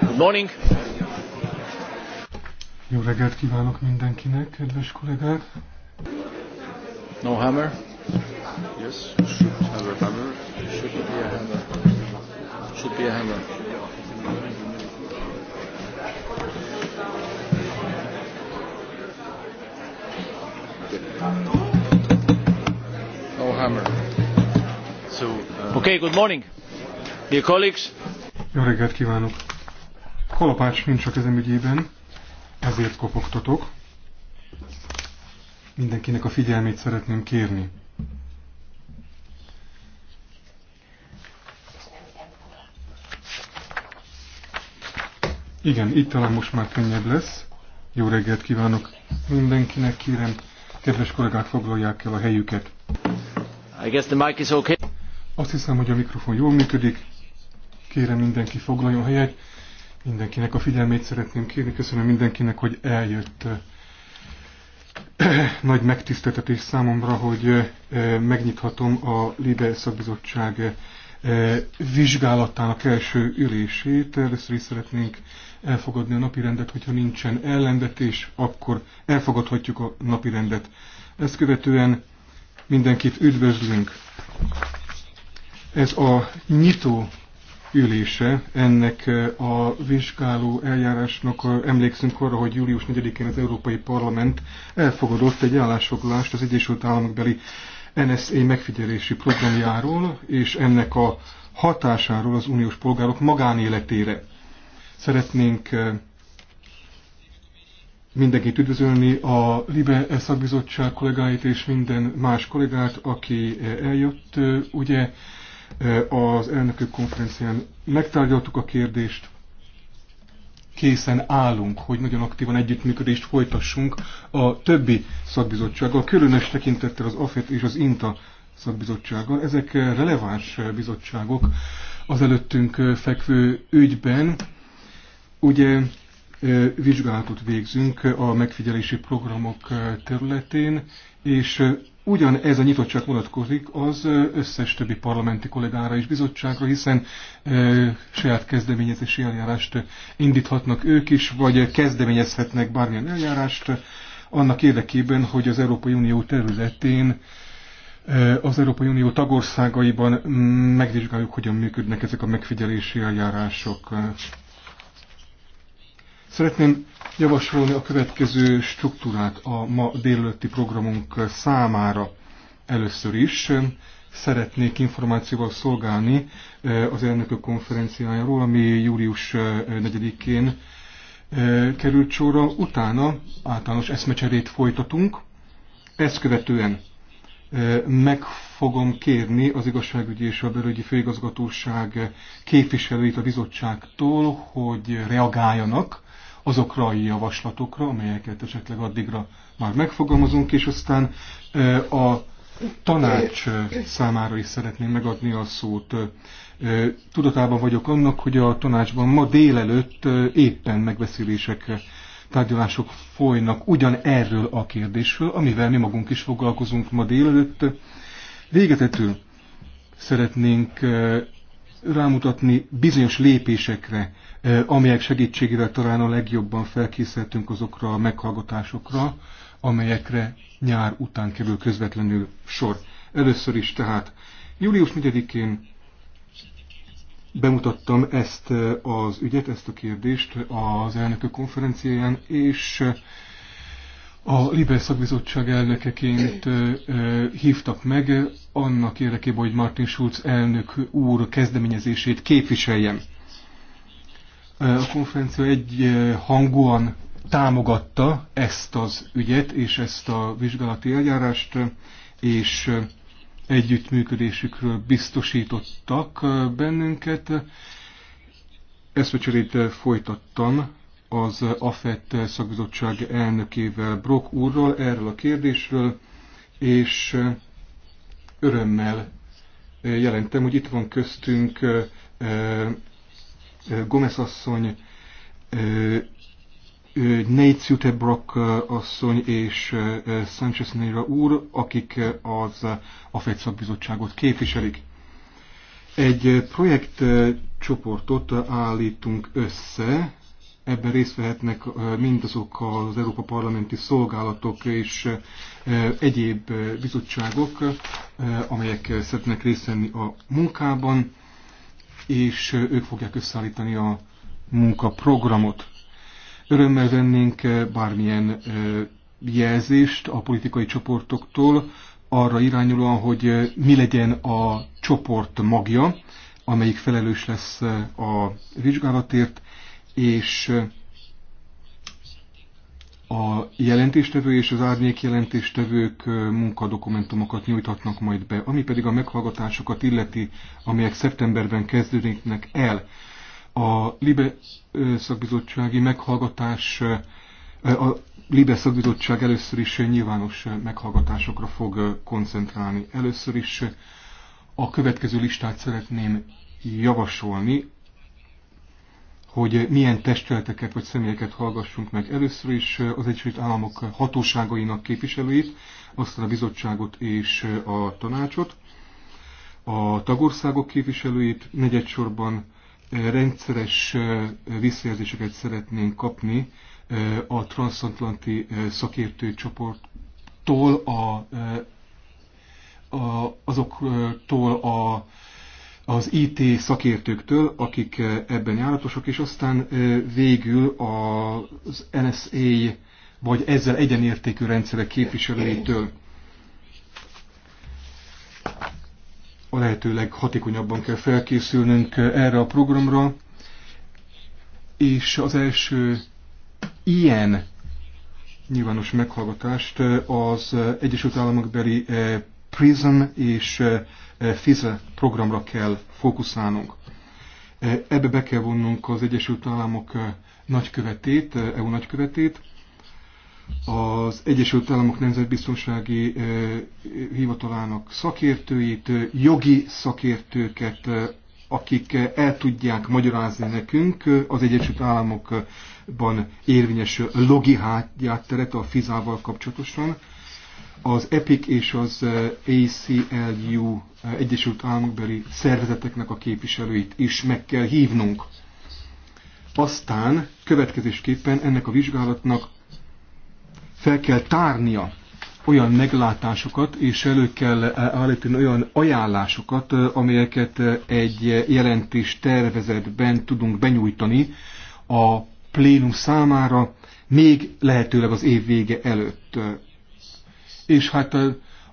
Good morning. Jó reggelt kívánok mindenkinek, kedves kollégák! No hammer? Yes, should have a hammer. Should be a hammer. Should be a hammer. Okay hammer. So, uh... Okay, good morning, dear colleagues. Jó reggelt kívánok. Kalapács nincs a kezem ügyében, ezért kopogtatok. Mindenkinek a figyelmét szeretném kérni. Igen, itt talán most már könnyebb lesz. Jó reggelt kívánok mindenkinek, kérem, kedves kollégák, foglalják el a helyüket. I guess the mic is okay. Azt hiszem, hogy a mikrofon jól működik. Kérem mindenki foglaljon helyet. Mindenkinek a figyelmét szeretném kérni. Köszönöm mindenkinek, hogy eljött. Nagy megtiszteltetés számomra, hogy eh, megnyithatom a Libe Szakbizottság eh, vizsgálatának első ülését. Először is szeretnénk elfogadni a napirendet, hogyha nincsen ellendetés, akkor elfogadhatjuk a napirendet. Ezt követően Mindenkit üdvözlünk. Ez a nyitó ülése ennek e, a vizsgáló eljárásnak e, emlékszünk arra, hogy július 4-én az Európai Parlament elfogadott egy állásfoglalást az Egyesült Államok beli NSA megfigyelési programjáról és ennek a hatásáról az uniós polgárok magánéletére. Szeretnénk e, mindenkit üdvözölni, a LIBE szakbizottság kollégáit és minden más kollégát, aki eh, eljött. Eh, ugye eh, az elnökök konferencián megtárgyaltuk a kérdést, készen állunk, hogy nagyon aktívan együttműködést folytassunk a többi szakbizottsággal, különös tekintettel az AFET és az INTA szakbizottsággal. Ezek releváns bizottságok az előttünk fekvő ügyben. Ugye vizsgálatot végzünk a megfigyelési programok területén, és ugyan ez a nyitottság vonatkozik az összes többi parlamenti kollégára és bizottságra, hiszen saját kezdeményezési eljárást indíthatnak ők is, vagy kezdeményezhetnek bármilyen eljárást annak érdekében, hogy az Európai Unió területén az Európai Unió tagországaiban mm, megvizsgáljuk, hogyan működnek ezek a megfigyelési eljárások. Szeretném javasolni a következő struktúrát a ma délelőtti programunk számára. Először is szeretnék információval szolgálni eh, az elnökök konferenciájáról, ami július 4-én eh, eh, került sorra. Utána általános eszmecserét folytatunk. Ezt követően meg fogom kérni az igazságügyi és a belügyi főigazgatóság képviselőit a bizottságtól, hogy reagáljanak azokra a javaslatokra, amelyeket esetleg addigra már megfogalmazunk, és aztán a tanács számára is szeretném megadni a szót. Tudatában vagyok annak, hogy a tanácsban ma délelőtt éppen megbeszélések, tárgyalások folynak ugyan erről a kérdésről, amivel mi magunk is foglalkozunk ma délelőtt. Végetetül szeretnénk rámutatni bizonyos lépésekre, amelyek segítségével talán a legjobban felkészültünk azokra a meghallgatásokra, amelyekre nyár után kerül közvetlenül sor. Először is tehát július 4-én bemutattam ezt az ügyet, ezt a kérdést az elnökök konferenciáján, és a Libe szakbizottság elnökeként hívtak meg annak érdekében, hogy Martin Schulz elnök úr kezdeményezését képviseljem. A konferencia egy hangúan támogatta ezt az ügyet és ezt a vizsgálati eljárást, és együttműködésükről biztosítottak bennünket. Ezt a cserét folytattam az AFET szakbizottság elnökével, Brock úrral erről a kérdésről, és örömmel jelentem, hogy itt van köztünk Gomez asszony, Nate Sutebrock asszony és Sanchez Neira úr, akik az AFET szakbizottságot képviselik. Egy projektcsoportot állítunk össze Ebben részt vehetnek mindazok az Európa Parlamenti Szolgálatok és egyéb bizottságok, amelyek szeretnek részt venni a munkában, és ők fogják összeállítani a munkaprogramot. Örömmel vennénk bármilyen jelzést a politikai csoportoktól arra irányulóan, hogy mi legyen a csoport magja, amelyik felelős lesz a vizsgálatért, és a jelentéstevő és az árnyék jelentéstevők munkadokumentumokat nyújthatnak majd be, ami pedig a meghallgatásokat illeti, amelyek szeptemberben kezdődnek el. A Libe szakbizottsági meghallgatás, a Libe szakbizottság először is nyilvános meghallgatásokra fog koncentrálni. Először is a következő listát szeretném javasolni hogy milyen testületeket vagy személyeket hallgassunk meg. Először is az Egyesült Államok hatóságainak képviselőit, aztán a bizottságot és a tanácsot, a tagországok képviselőit, negyedsorban rendszeres visszajelzéseket szeretnénk kapni a transatlanti szakértőcsoporttól, a, a, azoktól a az IT szakértőktől, akik eh, ebben járatosok, és aztán eh, végül az NSA vagy ezzel egyenértékű rendszerek képviselőitől a lehető leghatékonyabban kell felkészülnünk eh, erre a programra, és az első ilyen nyilvános meghallgatást az Egyesült Államok beli PRISM és FISA programra kell fókuszálnunk. Ebbe be kell vonnunk az Egyesült Államok nagykövetét, EU nagykövetét, az Egyesült Államok Nemzetbiztonsági Hivatalának szakértőit, jogi szakértőket, akik el tudják magyarázni nekünk az Egyesült Államokban érvényes logi hátját teret a fizával kapcsolatosan, az EPIC és az eh, ACLU eh, Egyesült Államokbeli szervezeteknek a képviselőit is meg kell hívnunk. Aztán következésképpen ennek a vizsgálatnak fel kell tárnia olyan meglátásokat, és elő kell eh, állítani olyan ajánlásokat, amelyeket egy jelentés tervezetben tudunk benyújtani a plénum számára, még lehetőleg az év vége előtt. És hát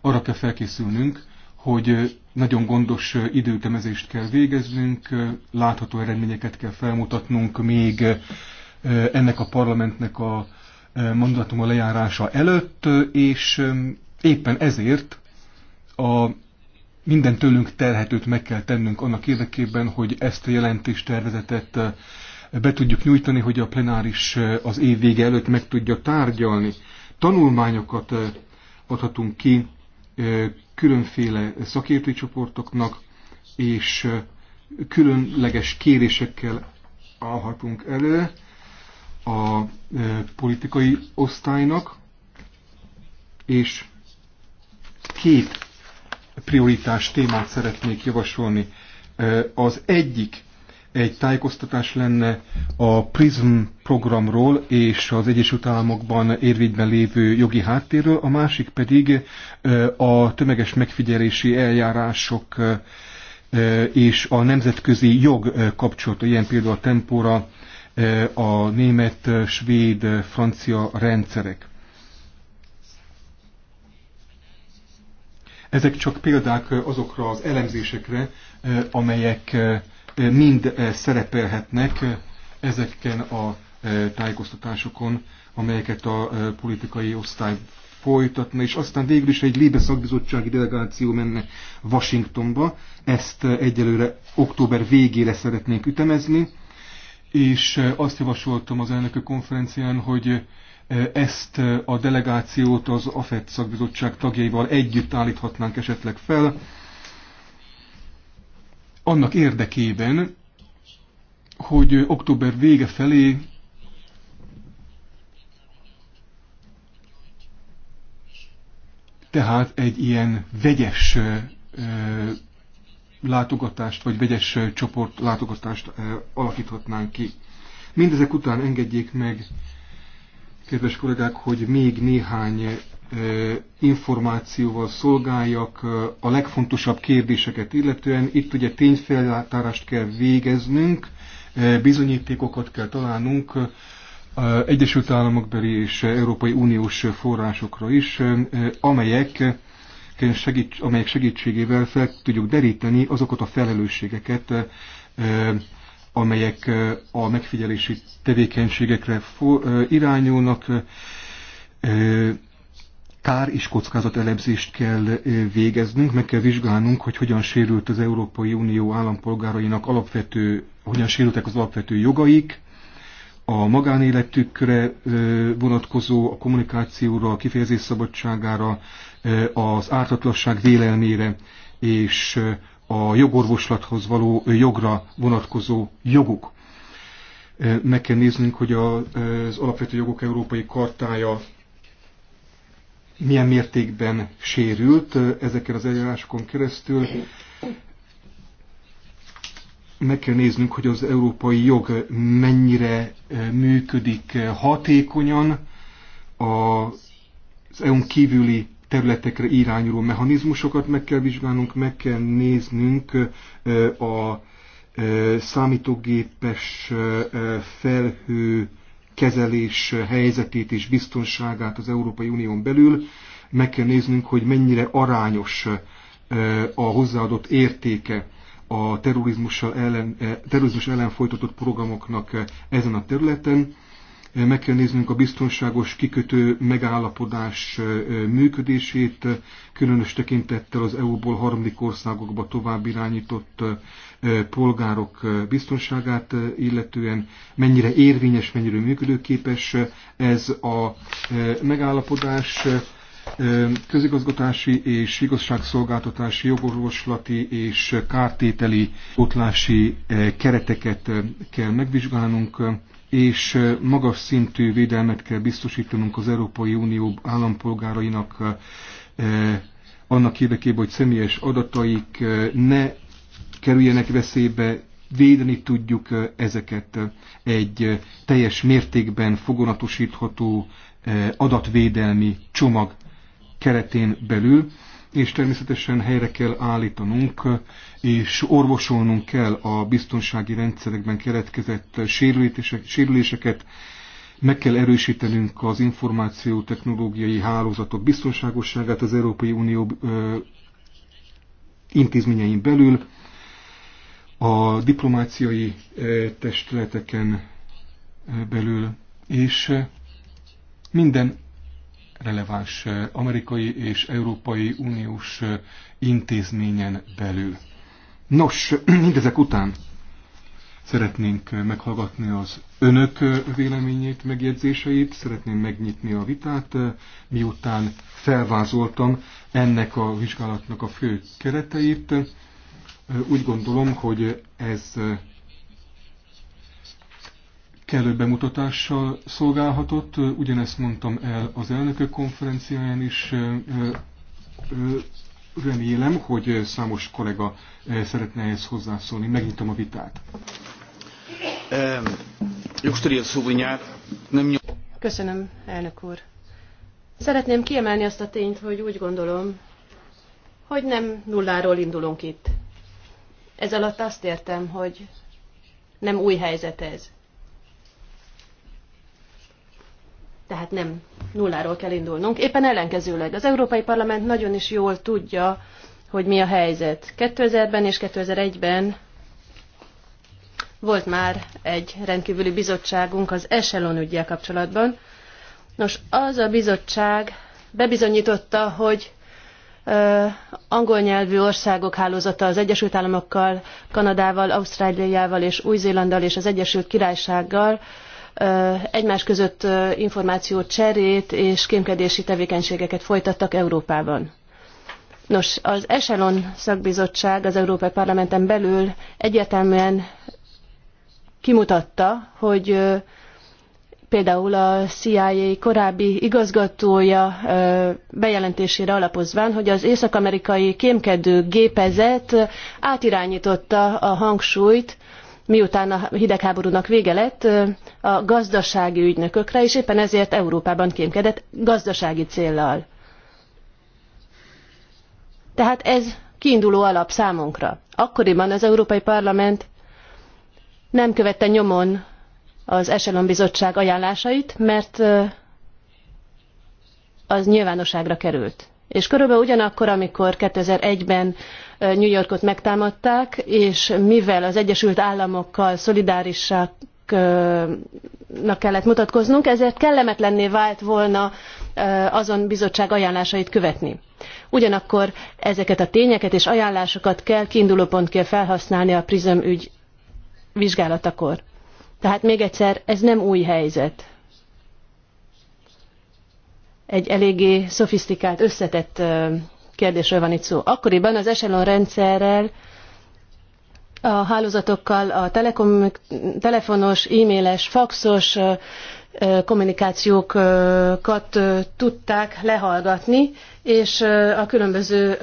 arra kell felkészülnünk, hogy nagyon gondos időtemezést kell végeznünk, látható eredményeket kell felmutatnunk még ennek a parlamentnek a a lejárása előtt, és éppen ezért a minden tőlünk terhetőt meg kell tennünk annak érdekében, hogy ezt a jelentéstervezetet be tudjuk nyújtani, hogy a plenáris az év vége előtt meg tudja tárgyalni. Tanulmányokat adhatunk ki különféle szakértői csoportoknak, és különleges kérésekkel állhatunk elő a politikai osztálynak, és két prioritás témát szeretnék javasolni. Az egyik egy tájékoztatás lenne a PRISM programról és az Egyesült Államokban érvényben lévő jogi háttérről, a másik pedig a tömeges megfigyelési eljárások és a nemzetközi jog kapcsolata, ilyen például a tempóra, a német, svéd, francia rendszerek. Ezek csak példák azokra az elemzésekre, amelyek mind eh, szerepelhetnek eh, ezeken a eh, tájékoztatásokon, amelyeket a politikai osztály folytatna, és aztán végül is egy Libe szakbizottsági delegáció menne Washingtonba. Ezt egyelőre október végére szeretnénk ütemezni, és azt javasoltam az elnökö konferencián, hogy ezt a delegációt az AFET szakbizottság tagjaival együtt állíthatnánk esetleg fel, annak érdekében, hogy október vége felé tehát egy ilyen vegyes látogatást, vagy vegyes csoport látogatást alakíthatnánk ki. Mindezek után engedjék meg, kedves kollégák, hogy még néhány információval szolgáljak a legfontosabb kérdéseket illetően. Itt ugye tényfeltárást kell végeznünk, bizonyítékokat kell találnunk Egyesült Államokbeli és Európai Uniós forrásokra is, amelyek amelyek segítségével fel tudjuk deríteni azokat a felelősségeket, amelyek a megfigyelési tevékenységekre irányulnak, kár és kockázat elemzést kell végeznünk, meg kell vizsgálnunk, hogy hogyan sérült az Európai Unió állampolgárainak alapvető, hogyan sérültek az alapvető jogaik, a magánéletükre vonatkozó, a kommunikációra, a kifejezés szabadságára, az ártatlasság vélelmére és a jogorvoslathoz való jogra vonatkozó joguk. Meg kell néznünk, hogy az Alapvető Jogok Európai Kartája milyen mértékben sérült ezeken az eljárásokon keresztül. Meg kell néznünk, hogy az európai jog mennyire működik hatékonyan az EU-n kívüli területekre irányuló mechanizmusokat meg kell vizsgálnunk, meg kell néznünk a számítógépes felhő kezelés helyzetét és biztonságát az Európai Unión belül. Meg kell néznünk, hogy mennyire arányos a hozzáadott értéke a terrorizmus ellen, terrorizmus ellen folytatott programoknak ezen a területen meg kell néznünk a biztonságos kikötő megállapodás működését, különös tekintettel az EU-ból harmadik országokba tovább irányított polgárok biztonságát illetően, mennyire érvényes, mennyire működőképes ez a megállapodás közigazgatási és igazságszolgáltatási, jogorvoslati és kártételi otlási kereteket kell megvizsgálnunk és magas szintű védelmet kell biztosítanunk az Európai Unió állampolgárainak annak érdekében, hogy személyes adataik ne kerüljenek veszélybe, védeni tudjuk ezeket egy teljes mértékben fogonatosítható adatvédelmi csomag keretén belül és természetesen helyre kell állítanunk, és orvosolnunk kell a biztonsági rendszerekben keletkezett sérüléseket, meg kell erősítenünk az információ technológiai hálózatok biztonságosságát az Európai Unió intézményein belül, a diplomáciai testületeken belül, és minden releváns amerikai és európai uniós intézményen belül. Nos, mindezek után szeretnénk meghallgatni az önök véleményét, megjegyzéseit, szeretném megnyitni a vitát, miután felvázoltam ennek a vizsgálatnak a fő kereteit. Úgy gondolom, hogy ez kellő bemutatással szolgálhatott, ugyanezt mondtam el az elnökök konferenciáján is. Remélem, hogy számos kollega szeretne ehhez hozzászólni. Megnyitom a vitát. Köszönöm, elnök úr. Szeretném kiemelni azt a tényt, hogy úgy gondolom, hogy nem nulláról indulunk itt. Ez alatt azt értem, hogy nem új helyzet ez tehát nem nulláról kell indulnunk. Éppen ellenkezőleg az Európai Parlament nagyon is jól tudja, hogy mi a helyzet. 2000-ben és 2001-ben volt már egy rendkívüli bizottságunk az Echelon ügyjel kapcsolatban. Nos, az a bizottság bebizonyította, hogy ö, angol nyelvű országok hálózata az Egyesült Államokkal, Kanadával, Ausztráliával és Új-Zélanddal és az Egyesült Királysággal egymás között információ cserét és kémkedési tevékenységeket folytattak Európában. Nos, az Echelon szakbizottság az Európai Parlamenten belül egyértelműen kimutatta, hogy például a CIA korábbi igazgatója bejelentésére alapozván, hogy az észak-amerikai kémkedő gépezet átirányította a hangsúlyt miután a hidegháborúnak vége lett, a gazdasági ügynökökre, és éppen ezért Európában kémkedett gazdasági céllal. Tehát ez kiinduló alap számunkra. Akkoriban az Európai Parlament nem követte nyomon az Echelon Bizottság ajánlásait, mert az nyilvánosságra került. És körülbelül ugyanakkor, amikor 2001-ben New Yorkot megtámadták, és mivel az Egyesült Államokkal szolidárisak kellett mutatkoznunk, ezért kellemetlenné vált volna azon bizottság ajánlásait követni. Ugyanakkor ezeket a tényeket és ajánlásokat kell kiindulópontként felhasználni a PRISM ügy vizsgálatakor. Tehát még egyszer, ez nem új helyzet. Egy eléggé szofisztikált, összetett kérdésről van itt szó. Akkoriban az Echelon rendszerrel a hálózatokkal, a telekom, telefonos, e-mailes, faxos kommunikációkat tudták lehallgatni, és a különböző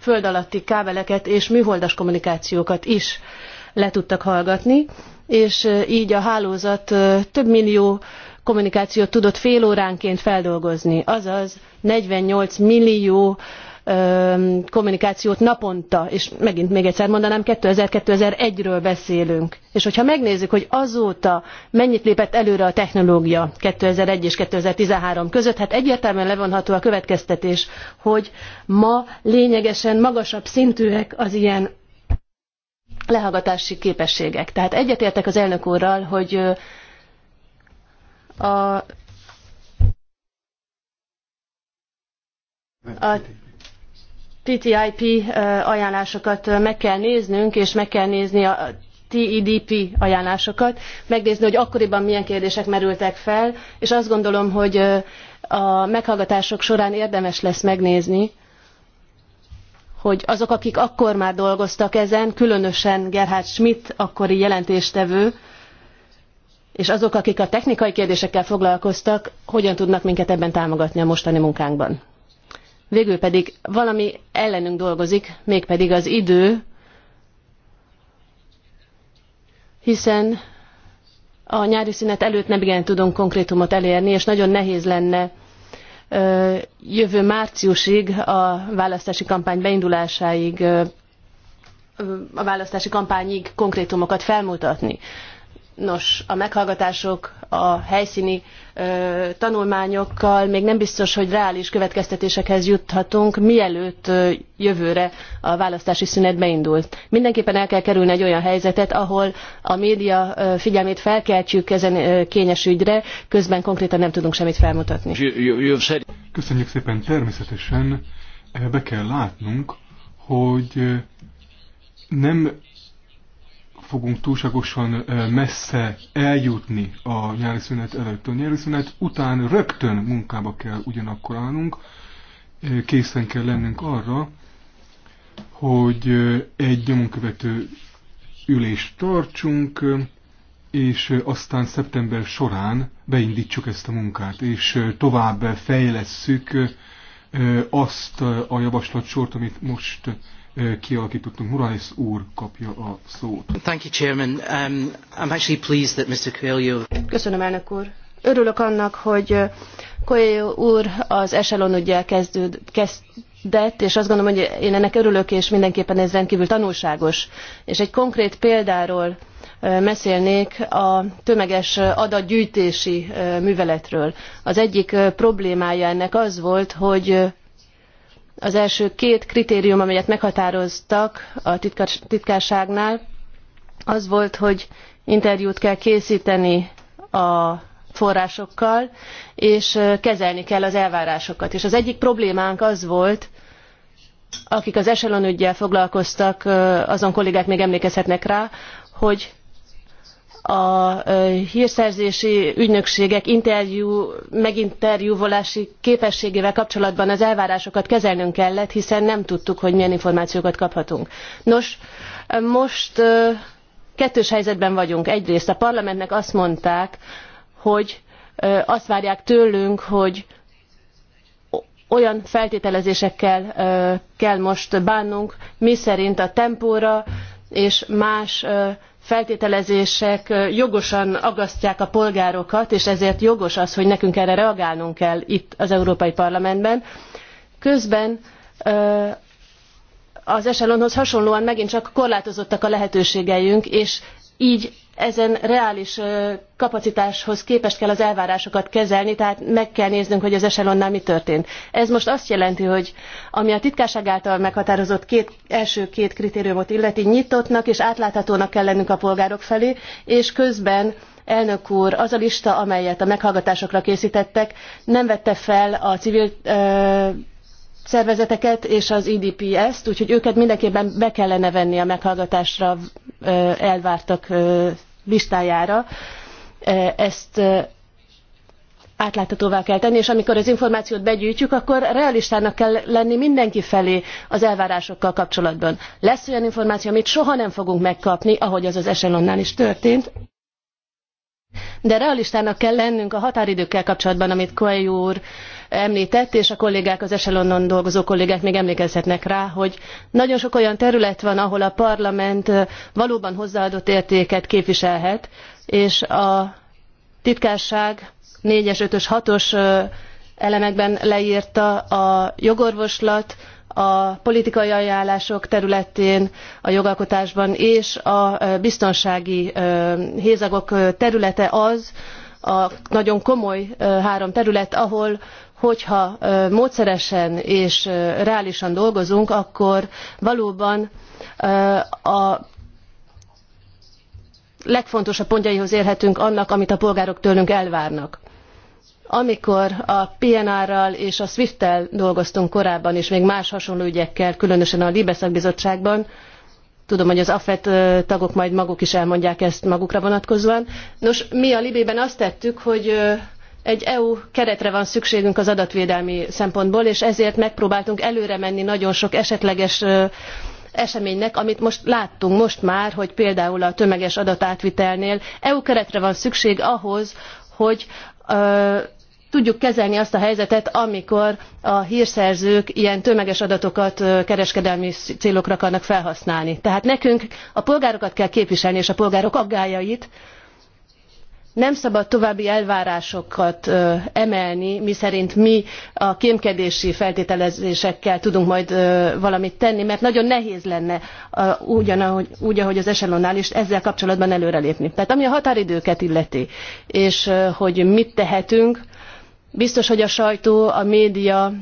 föld alatti kábeleket és műholdas kommunikációkat is le tudtak hallgatni, és így a hálózat több millió kommunikációt tudott fél óránként feldolgozni, azaz 48 millió kommunikációt naponta, és megint még egyszer mondanám, and one ről beszélünk. És hogyha megnézzük, hogy azóta mennyit lépett előre a technológia 2001 és 2013 között, hát egyértelműen levonható a következtetés, hogy ma lényegesen magasabb szintűek az ilyen lehallgatási képességek. Tehát egyetértek az elnök úrral, hogy a, a TTIP eh, ajánlásokat meg kell néznünk, és meg kell nézni a TEDP ajánlásokat, megnézni, hogy akkoriban milyen kérdések merültek fel, és azt gondolom, hogy eh, a meghallgatások során érdemes lesz megnézni, hogy azok, akik akkor már dolgoztak ezen, különösen Gerhard Schmidt, akkori jelentéstevő, és azok, akik a technikai kérdésekkel foglalkoztak, hogyan tudnak minket ebben támogatni a mostani munkánkban. Végül pedig valami ellenünk dolgozik, mégpedig az idő, hiszen a nyári szünet előtt nem igen tudunk konkrétumot elérni, és nagyon nehéz lenne jövő márciusig a választási kampány beindulásáig a választási kampányig konkrétumokat felmutatni. Nos, a meghallgatások, a helyszíni ö, tanulmányokkal még nem biztos, hogy reális következtetésekhez juthatunk, mielőtt ö, jövőre a választási szünet beindul. Mindenképpen el kell kerülni egy olyan helyzetet, ahol a média ö, figyelmét felkeltjük ezen ö, kényes ügyre, közben konkrétan nem tudunk semmit felmutatni. Köszönjük szépen, természetesen be kell látnunk, hogy nem fogunk túlságosan messze eljutni a nyári szünet előtt. A nyári szünet után rögtön munkába kell ugyanakkor állnunk, készen kell lennünk arra, hogy egy nyomonkövető ülést tartsunk, és aztán szeptember során beindítsuk ezt a munkát, és tovább fejlesszük azt a javaslatsort, amit most kialakítottunk. Morales úr kapja a szót. Thank you, Chairman. Um, I'm actually pleased that Mr. Coelho... Köszönöm, elnök úr. Örülök annak, hogy Coelho úr az Echelon ugye kezdőd, kezdett, és azt gondolom, hogy én ennek örülök, és mindenképpen ez rendkívül tanulságos. És egy konkrét példáról beszélnék a tömeges adatgyűjtési műveletről. Az egyik problémája ennek az volt, hogy az első két kritérium, amelyet meghatároztak a titkárságnál, az volt, hogy interjút kell készíteni a forrásokkal, és kezelni kell az elvárásokat. És az egyik problémánk az volt, akik az Echelon ügyjel foglalkoztak, azon kollégák még emlékezhetnek rá, hogy a hírszerzési ügynökségek interjú, meginterjúvolási képességével kapcsolatban az elvárásokat kezelnünk kellett, hiszen nem tudtuk, hogy milyen információkat kaphatunk. Nos, most kettős helyzetben vagyunk. Egyrészt a parlamentnek azt mondták, hogy azt várják tőlünk, hogy olyan feltételezésekkel kell most bánnunk, miszerint a tempóra és más feltételezések jogosan aggasztják a polgárokat, és ezért jogos az, hogy nekünk erre reagálnunk kell itt az Európai Parlamentben. Közben az eselonhoz hasonlóan megint csak korlátozottak a lehetőségeink, és így ezen reális kapacitáshoz képest kell az elvárásokat kezelni, tehát meg kell néznünk, hogy az eselonnál mi történt. Ez most azt jelenti, hogy ami a titkárság által meghatározott két, első két kritériumot illeti, nyitottnak és átláthatónak kell lennünk a polgárok felé, és közben elnök úr, az a lista, amelyet a meghallgatásokra készítettek, nem vette fel a civil ö, szervezeteket és az IDPS-t, e úgyhogy őket mindenképpen be kellene venni a meghallgatásra elvártak listájára. Ezt átláthatóvá kell tenni, és amikor az információt begyűjtjük, akkor realistának kell lenni mindenki felé az elvárásokkal kapcsolatban. Lesz olyan információ, amit soha nem fogunk megkapni, ahogy az az Echelonnál is történt. De realistának kell lennünk a határidőkkel kapcsolatban, amit Koei úr említett, és a kollégák, az Eselonon dolgozó kollégák még emlékezhetnek rá, hogy nagyon sok olyan terület van, ahol a parlament valóban hozzáadott értéket képviselhet, és a titkárság 4-es, 5-ös, 6-os elemekben leírta a jogorvoslat, a politikai ajánlások területén, a jogalkotásban és a biztonsági hézagok területe az a nagyon komoly három terület, ahol hogyha módszeresen és reálisan dolgozunk, akkor valóban a legfontosabb pontjaihoz érhetünk annak, amit a polgárok tőlünk elvárnak amikor a PNR-ral és a SWIFT-tel dolgoztunk korábban, és még más hasonló ügyekkel, különösen a Libe szakbizottságban, tudom, hogy az AFET tagok majd maguk is elmondják ezt magukra vonatkozóan. Nos, mi a Libében azt tettük, hogy egy EU keretre van szükségünk az adatvédelmi szempontból, és ezért megpróbáltunk előre menni nagyon sok esetleges eseménynek, amit most láttunk most már, hogy például a tömeges adatátvitelnél EU keretre van szükség ahhoz, hogy ö, tudjuk kezelni azt a helyzetet, amikor a hírszerzők ilyen tömeges adatokat kereskedelmi célokra akarnak felhasználni. Tehát nekünk a polgárokat kell képviselni, és a polgárok aggályait, nem szabad további elvárásokat emelni miszerint mi a kémkedési feltételezésekkel tudunk majd valamit tenni mert nagyon nehéz lenne ugyanahogy, úgy ahogy az echelonnál is ezzel kapcsolatban előrelépni. tehát ami a határidőket illeti és hogy mit tehetünk biztos hogy a sajtó a média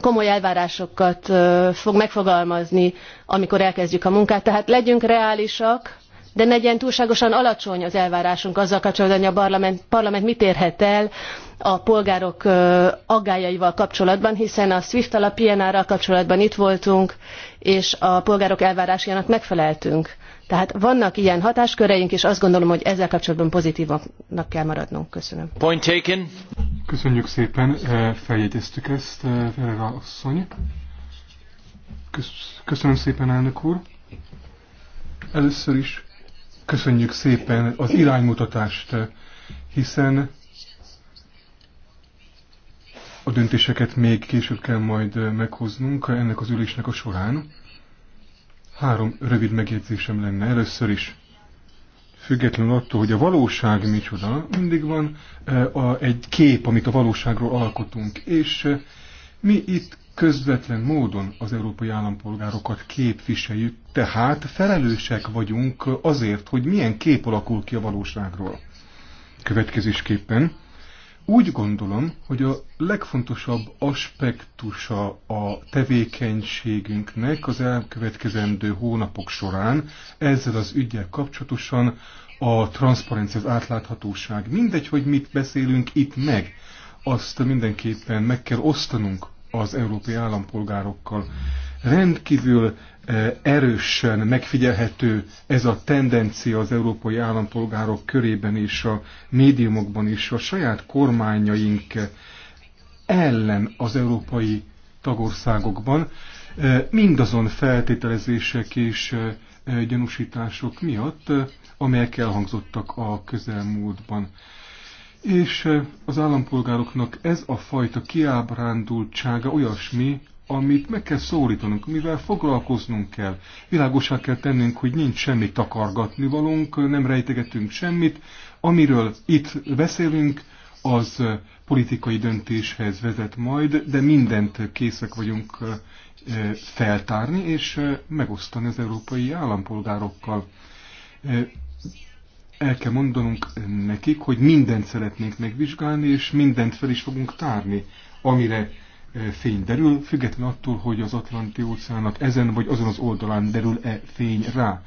komoly elvárásokat fog megfogalmazni amikor elkezdjük a munkát tehát legyünk reálisak de ne legyen túlságosan alacsony az elvárásunk azzal kapcsolatban, hogy a parlament, parlament mit érhet el a polgárok aggályaival kapcsolatban, hiszen a SWIFT-tal, a PNR-ral kapcsolatban itt voltunk, és a polgárok elvárásainak megfeleltünk. Tehát vannak ilyen hatásköreink, és azt gondolom, hogy ezzel kapcsolatban pozitívnak kell maradnunk. Köszönöm. Point taken. Köszönjük szépen, feljegyeztük ezt, Ferreira asszony. Köszönöm szépen, elnök úr. Először is köszönjük szépen az iránymutatást, hiszen a döntéseket még később kell majd meghoznunk ennek az ülésnek a során. Három rövid megjegyzésem lenne először is. Függetlenül attól, hogy a valóság micsoda, mindig van eh, egy kép, amit a valóságról alkotunk. És eh, mi itt közvetlen módon az európai állampolgárokat képviseljük, tehát felelősek vagyunk azért, hogy milyen kép alakul ki a valóságról. Következésképpen úgy gondolom, hogy a legfontosabb aspektusa a tevékenységünknek az elkövetkezendő hónapok során ezzel az ügyel kapcsolatosan a transzparencia, az átláthatóság. Mindegy, hogy mit beszélünk itt meg, azt mindenképpen meg kell osztanunk az európai állampolgárokkal. Rendkívül eh, erősen megfigyelhető ez a tendencia az európai állampolgárok körében és a médiumokban is. A saját kormányaink ellen az európai tagországokban eh, mindazon feltételezések és eh, gyanúsítások miatt, amelyek elhangzottak a közelmúltban. És az állampolgároknak ez a fajta kiábrándultsága olyasmi, amit meg kell szólítanunk, mivel foglalkoznunk kell. Világosá kell tennünk, hogy nincs semmi takargatni valunk, nem rejtegetünk semmit. Amiről itt beszélünk, az politikai döntéshez vezet majd, de mindent készek vagyunk feltárni és megosztani az európai állampolgárokkal el kell mondanunk nekik, hogy mindent szeretnénk megvizsgálni, és mindent fel is fogunk tárni, amire e, fény derül, független attól, hogy az Atlanti óceának ezen vagy azon az oldalán derül-e fény rá.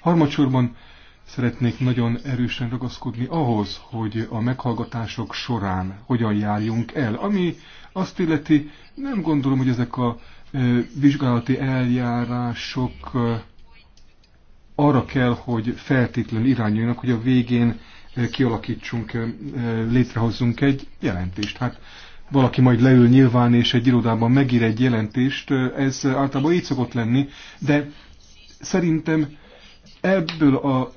Harmadsorban szeretnék nagyon erősen ragaszkodni ahhoz, hogy a meghallgatások során hogyan járjunk el, ami azt illeti, nem gondolom, hogy ezek a e, vizsgálati eljárások e, arra kell, hogy feltétlenül irányuljanak, hogy a végén eh, kialakítsunk, eh, létrehozzunk egy jelentést. Hát valaki majd leül nyilván, és egy irodában megír egy jelentést, eh, ez általában így szokott lenni, de szerintem ebből a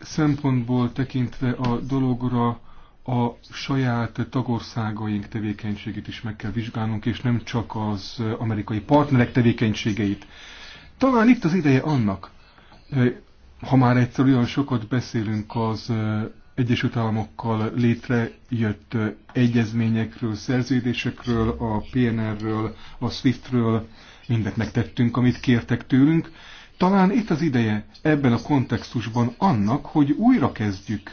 szempontból tekintve a dologra a saját tagországaink tevékenységét is meg kell vizsgálnunk, és nem csak az amerikai partnerek tevékenységeit. Talán itt az ideje annak, ha már egyszer olyan sokat beszélünk az Egyesült Államokkal létrejött egyezményekről, szerződésekről, a PNR-ről, a SWIFT-ről, mindent megtettünk, amit kértek tőlünk. Talán itt az ideje ebben a kontextusban annak, hogy újra kezdjük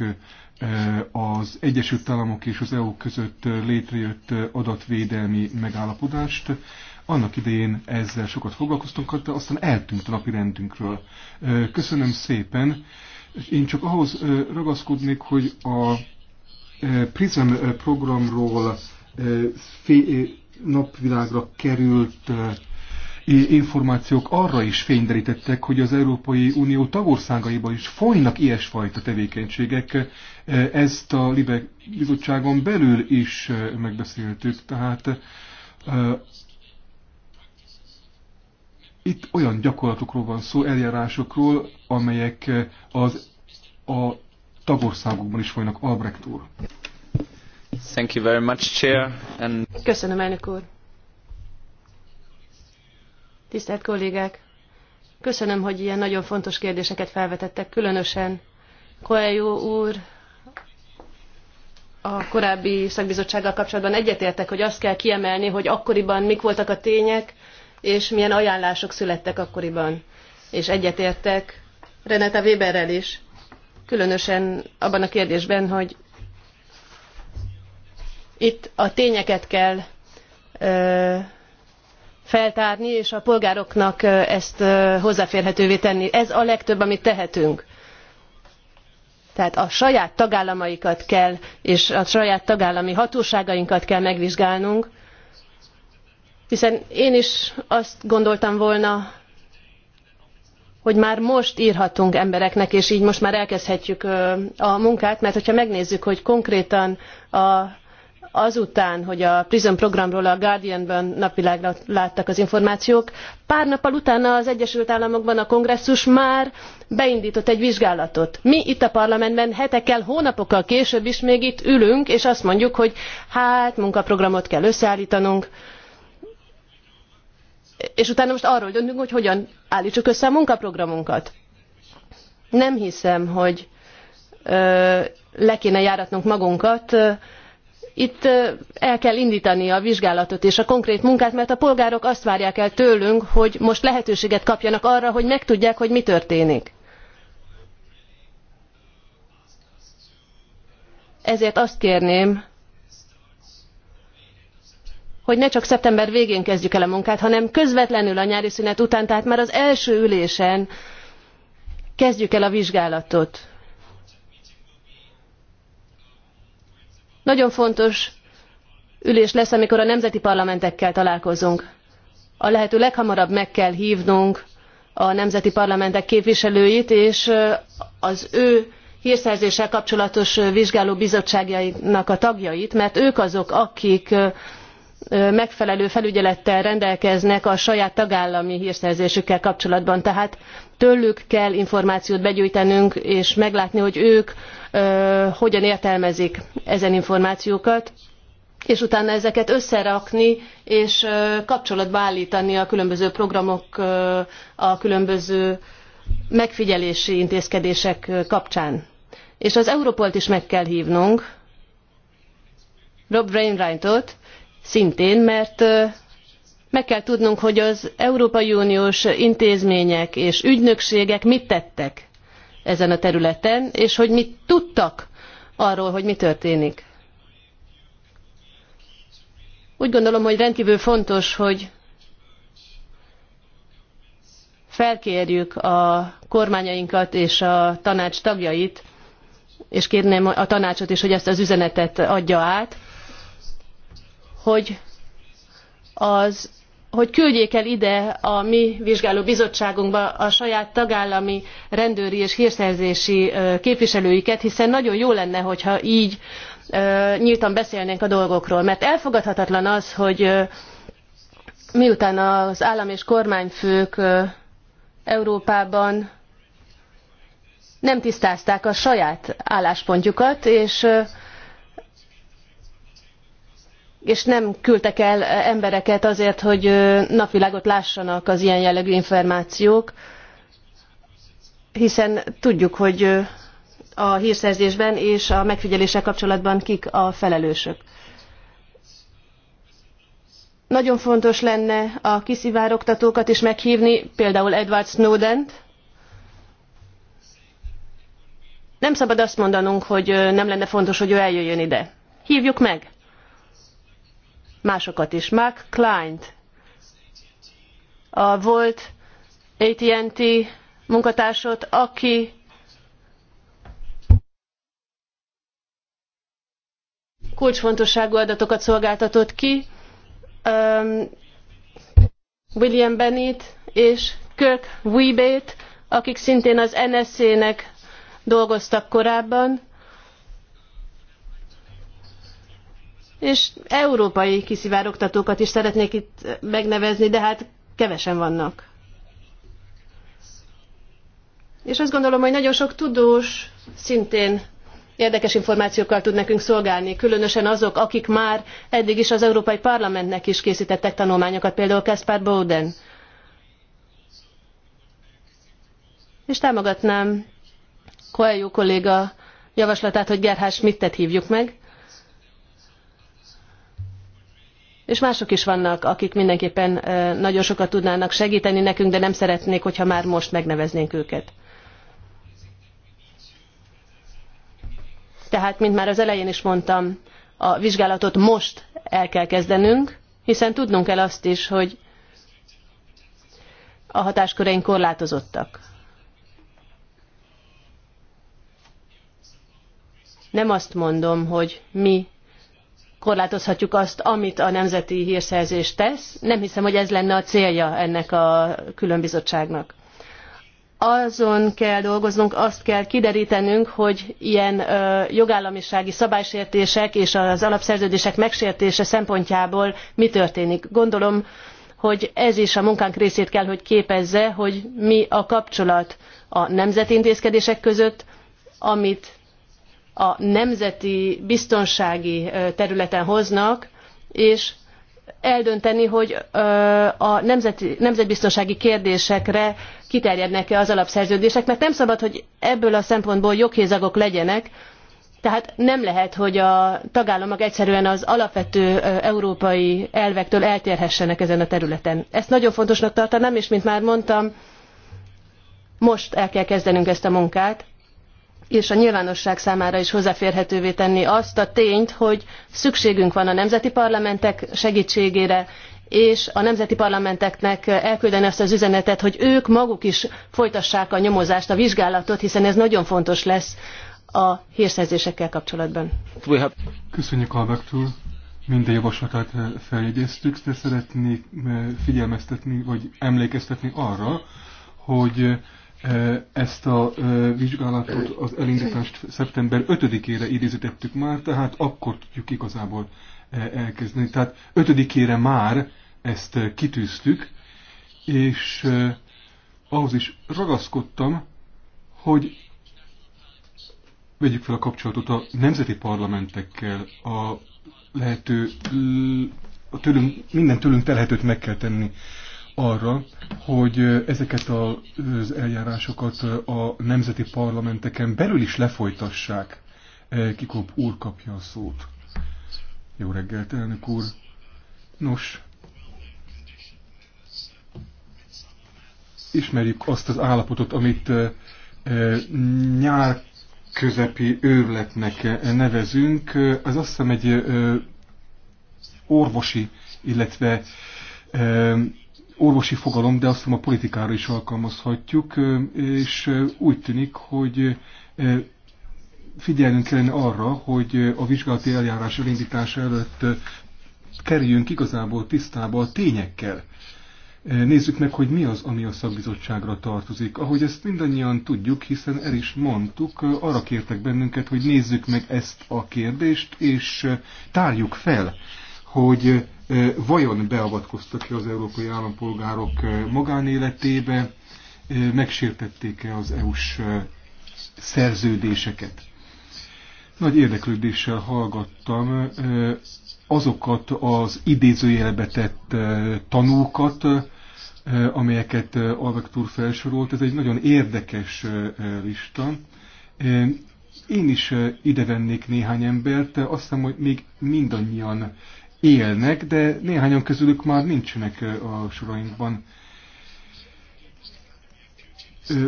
az Egyesült Államok és az EU között létrejött adatvédelmi megállapodást, annak idején ezzel sokat foglalkoztunk, de aztán eltűnt a napi rendünkről. Köszönöm szépen. Én csak ahhoz ragaszkodnék, hogy a PRISM programról napvilágra került információk arra is fényderítettek, hogy az Európai Unió tagországaiban is folynak ilyesfajta tevékenységek. Ezt a Libe bizottságon belül is megbeszéltük, tehát itt olyan gyakorlatokról van szó, eljárásokról, amelyek eh, az a tagországokban is folynak. Albrecht úr. Thank you very much, Chair. And... Köszönöm, elnök úr. Tisztelt kollégák! Köszönöm, hogy ilyen nagyon fontos kérdéseket felvetettek, különösen Koelyó úr, a korábbi szakbizottsággal kapcsolatban egyetértek, hogy azt kell kiemelni, hogy akkoriban mik voltak a tények, és milyen ajánlások születtek akkoriban. És egyetértek Renata Weberrel is, különösen abban a kérdésben, hogy itt a tényeket kell ö, feltárni, és a polgároknak ezt ö, hozzáférhetővé tenni. Ez a legtöbb, amit tehetünk. Tehát a saját tagállamaikat kell, és a saját tagállami hatóságainkat kell megvizsgálnunk, hiszen én is azt gondoltam volna, hogy már most írhatunk embereknek, és így most már elkezdhetjük a munkát, mert hogyha megnézzük, hogy konkrétan a, azután, hogy a Prism programról a Guardianban napvilágra láttak az információk, pár nappal utána az Egyesült Államokban a kongresszus már beindított egy vizsgálatot. Mi itt a parlamentben hetekkel, hónapokkal később is még itt ülünk, és azt mondjuk, hogy hát munkaprogramot kell összeállítanunk, és utána most arról döntünk, hogy hogyan állítsuk össze a munkaprogramunkat. Nem hiszem, hogy ö, le kéne járatnunk magunkat. Itt ö, el kell indítani a vizsgálatot és a konkrét munkát, mert a polgárok azt várják el tőlünk, hogy most lehetőséget kapjanak arra, hogy megtudják, hogy mi történik. Ezért azt kérném, hogy ne csak szeptember végén kezdjük el a munkát, hanem közvetlenül a nyári szünet után, tehát már az első ülésen kezdjük el a vizsgálatot. Nagyon fontos ülés lesz, amikor a nemzeti parlamentekkel találkozunk. A lehető leghamarabb meg kell hívnunk a nemzeti parlamentek képviselőit, és az ő hírszerzéssel kapcsolatos vizsgáló bizottságjainak a tagjait, mert ők azok, akik megfelelő felügyelettel rendelkeznek a saját tagállami hrszerzésükkel kapcsolatban. Tehát tőlük kell információt begyűjtenünk, és meglátni, hogy ők hogyan értelmezik ezen információkat, és utána ezeket összerakni és kapcsolatba állítani a különböző programok, a különböző megfigyelési intézkedések kapcsán. És az Europolt is meg kell hívnunk, Rob Wainwrightot, szintén, mert meg kell tudnunk, hogy az Európai Uniós intézmények és ügynökségek mit tettek ezen a területen, és hogy mit tudtak arról, hogy mi történik. Úgy gondolom, hogy rendkívül fontos, hogy felkérjük a kormányainkat és a tanács tagjait, és kérném a tanácsot is, hogy ezt az üzenetet adja át, hogy az hogy küldjék el ide a mi vizsgáló bizottságunkba a saját tagállami rendőri és hírszerzési képviselőiket, hiszen nagyon jó lenne, hogyha így nyíltan beszélnénk a dolgokról. Mert elfogadhatatlan az, hogy miután az állam és kormányfők Európában nem tisztázták a saját álláspontjukat, és és nem küldtek el eh, embereket azért, hogy napvilágot lássanak az ilyen jellegű információk, hiszen tudjuk, hogy a hírszerzésben és a megfigyeléssel kapcsolatban kik a felelősök. Nagyon fontos lenne a kiszivárogtatókat is meghívni, például Edward snowden -t. Nem szabad azt mondanunk, hogy nem lenne fontos, hogy ő eljöjjön ide. Hívjuk meg! másokat is. Mark Kleint, a volt AT&T munkatársot, aki kulcsfontosságú adatokat szolgáltatott ki, um, William Bennett és Kirk Weebate, akik szintén az NSZ-nek dolgoztak korábban, és európai kiszivárogtatókat is szeretnék itt megnevezni, de hát kevesen vannak. És azt gondolom, hogy nagyon sok tudós szintén érdekes információkkal tud nekünk szolgálni, különösen azok, akik már eddig is az Európai Parlamentnek is készítettek tanulmányokat, például Kaspar Bowden. És támogatnám Koeljó kolléga javaslatát, hogy Gerhás mit hívjuk meg, és mások is vannak, akik mindenképpen nagyon sokat tudnának segíteni nekünk, de nem szeretnék, hogyha már most megneveznénk őket. Tehát, mint már az elején is mondtam, a vizsgálatot most el kell kezdenünk, hiszen tudnunk kell azt is, hogy a hatásköreink korlátozottak. Nem azt mondom, hogy mi korlátozhatjuk azt, amit a nemzeti hírszerzés tesz. Nem hiszem, hogy ez lenne a célja ennek a bizottságnak. Azon kell dolgoznunk, azt kell kiderítenünk, hogy ilyen ö, jogállamisági szabálysértések és az alapszerződések megsértése szempontjából mi történik. Gondolom, hogy ez is a munkánk részét kell, hogy képezze, hogy mi a kapcsolat a nemzeti intézkedések között, amit a nemzeti biztonsági területen hoznak, és eldönteni, hogy a nemzeti, nemzetbiztonsági kérdésekre kiterjednek-e az alapszerződések, mert nem szabad, hogy ebből a szempontból joghézagok legyenek, tehát nem lehet, hogy a tagállamok egyszerűen az alapvető európai elvektől eltérhessenek ezen a területen. Ezt nagyon fontosnak tartanám, és mint már mondtam, most el kell kezdenünk ezt a munkát, és a nyilvánosság számára is hozzáférhetővé tenni azt a tényt, hogy szükségünk van a nemzeti parlamentek segítségére, és a nemzeti parlamenteknek elküldeni azt az üzenetet, hogy ők maguk is folytassák a nyomozást, a vizsgálatot, hiszen ez nagyon fontos lesz a hírszerzésekkel kapcsolatban. Köszönjük, a megtúl. Minden javaslatát eh, feljegyeztük, de szeretnék eh, figyelmeztetni, vagy emlékeztetni arra, hogy eh, ezt a vizsgálatot, az elindítást szeptember 5-ére időzítettük már, tehát akkor tudjuk igazából elkezdeni. Tehát 5-ére már ezt kitűztük, és ahhoz is ragaszkodtam, hogy vegyük fel a kapcsolatot a nemzeti parlamentekkel, a lehető, a tőlünk, minden tőlünk telhetőt meg kell tenni arra, hogy ezeket az eljárásokat a nemzeti parlamenteken belül is lefolytassák. Kikop úr kapja a szót. Jó reggelt, elnök úr. Nos, ismerjük azt az állapotot, amit nyár közepi őrletnek nevezünk. Ez azt hiszem egy orvosi, illetve orvosi fogalom, de azt hiszem a politikára is alkalmazhatjuk, és úgy tűnik, hogy figyelnünk kellene arra, hogy a vizsgálati eljárás elindítása előtt kerüljünk igazából tisztába a tényekkel. Nézzük meg, hogy mi az, ami a szakbizottságra tartozik. Ahogy ezt mindannyian tudjuk, hiszen el is mondtuk, arra kértek bennünket, hogy nézzük meg ezt a kérdést, és tárjuk fel, hogy vajon beavatkoztak-e az európai állampolgárok magánéletébe, megsértették-e az EU-s szerződéseket. Nagy érdeklődéssel hallgattam azokat az idézőjelbe tett tanúkat, amelyeket Albert úr felsorolt. Ez egy nagyon érdekes lista. Én is ide vennék néhány embert, azt hiszem, hogy még mindannyian élnek, de néhányan közülük már nincsenek a sorainkban.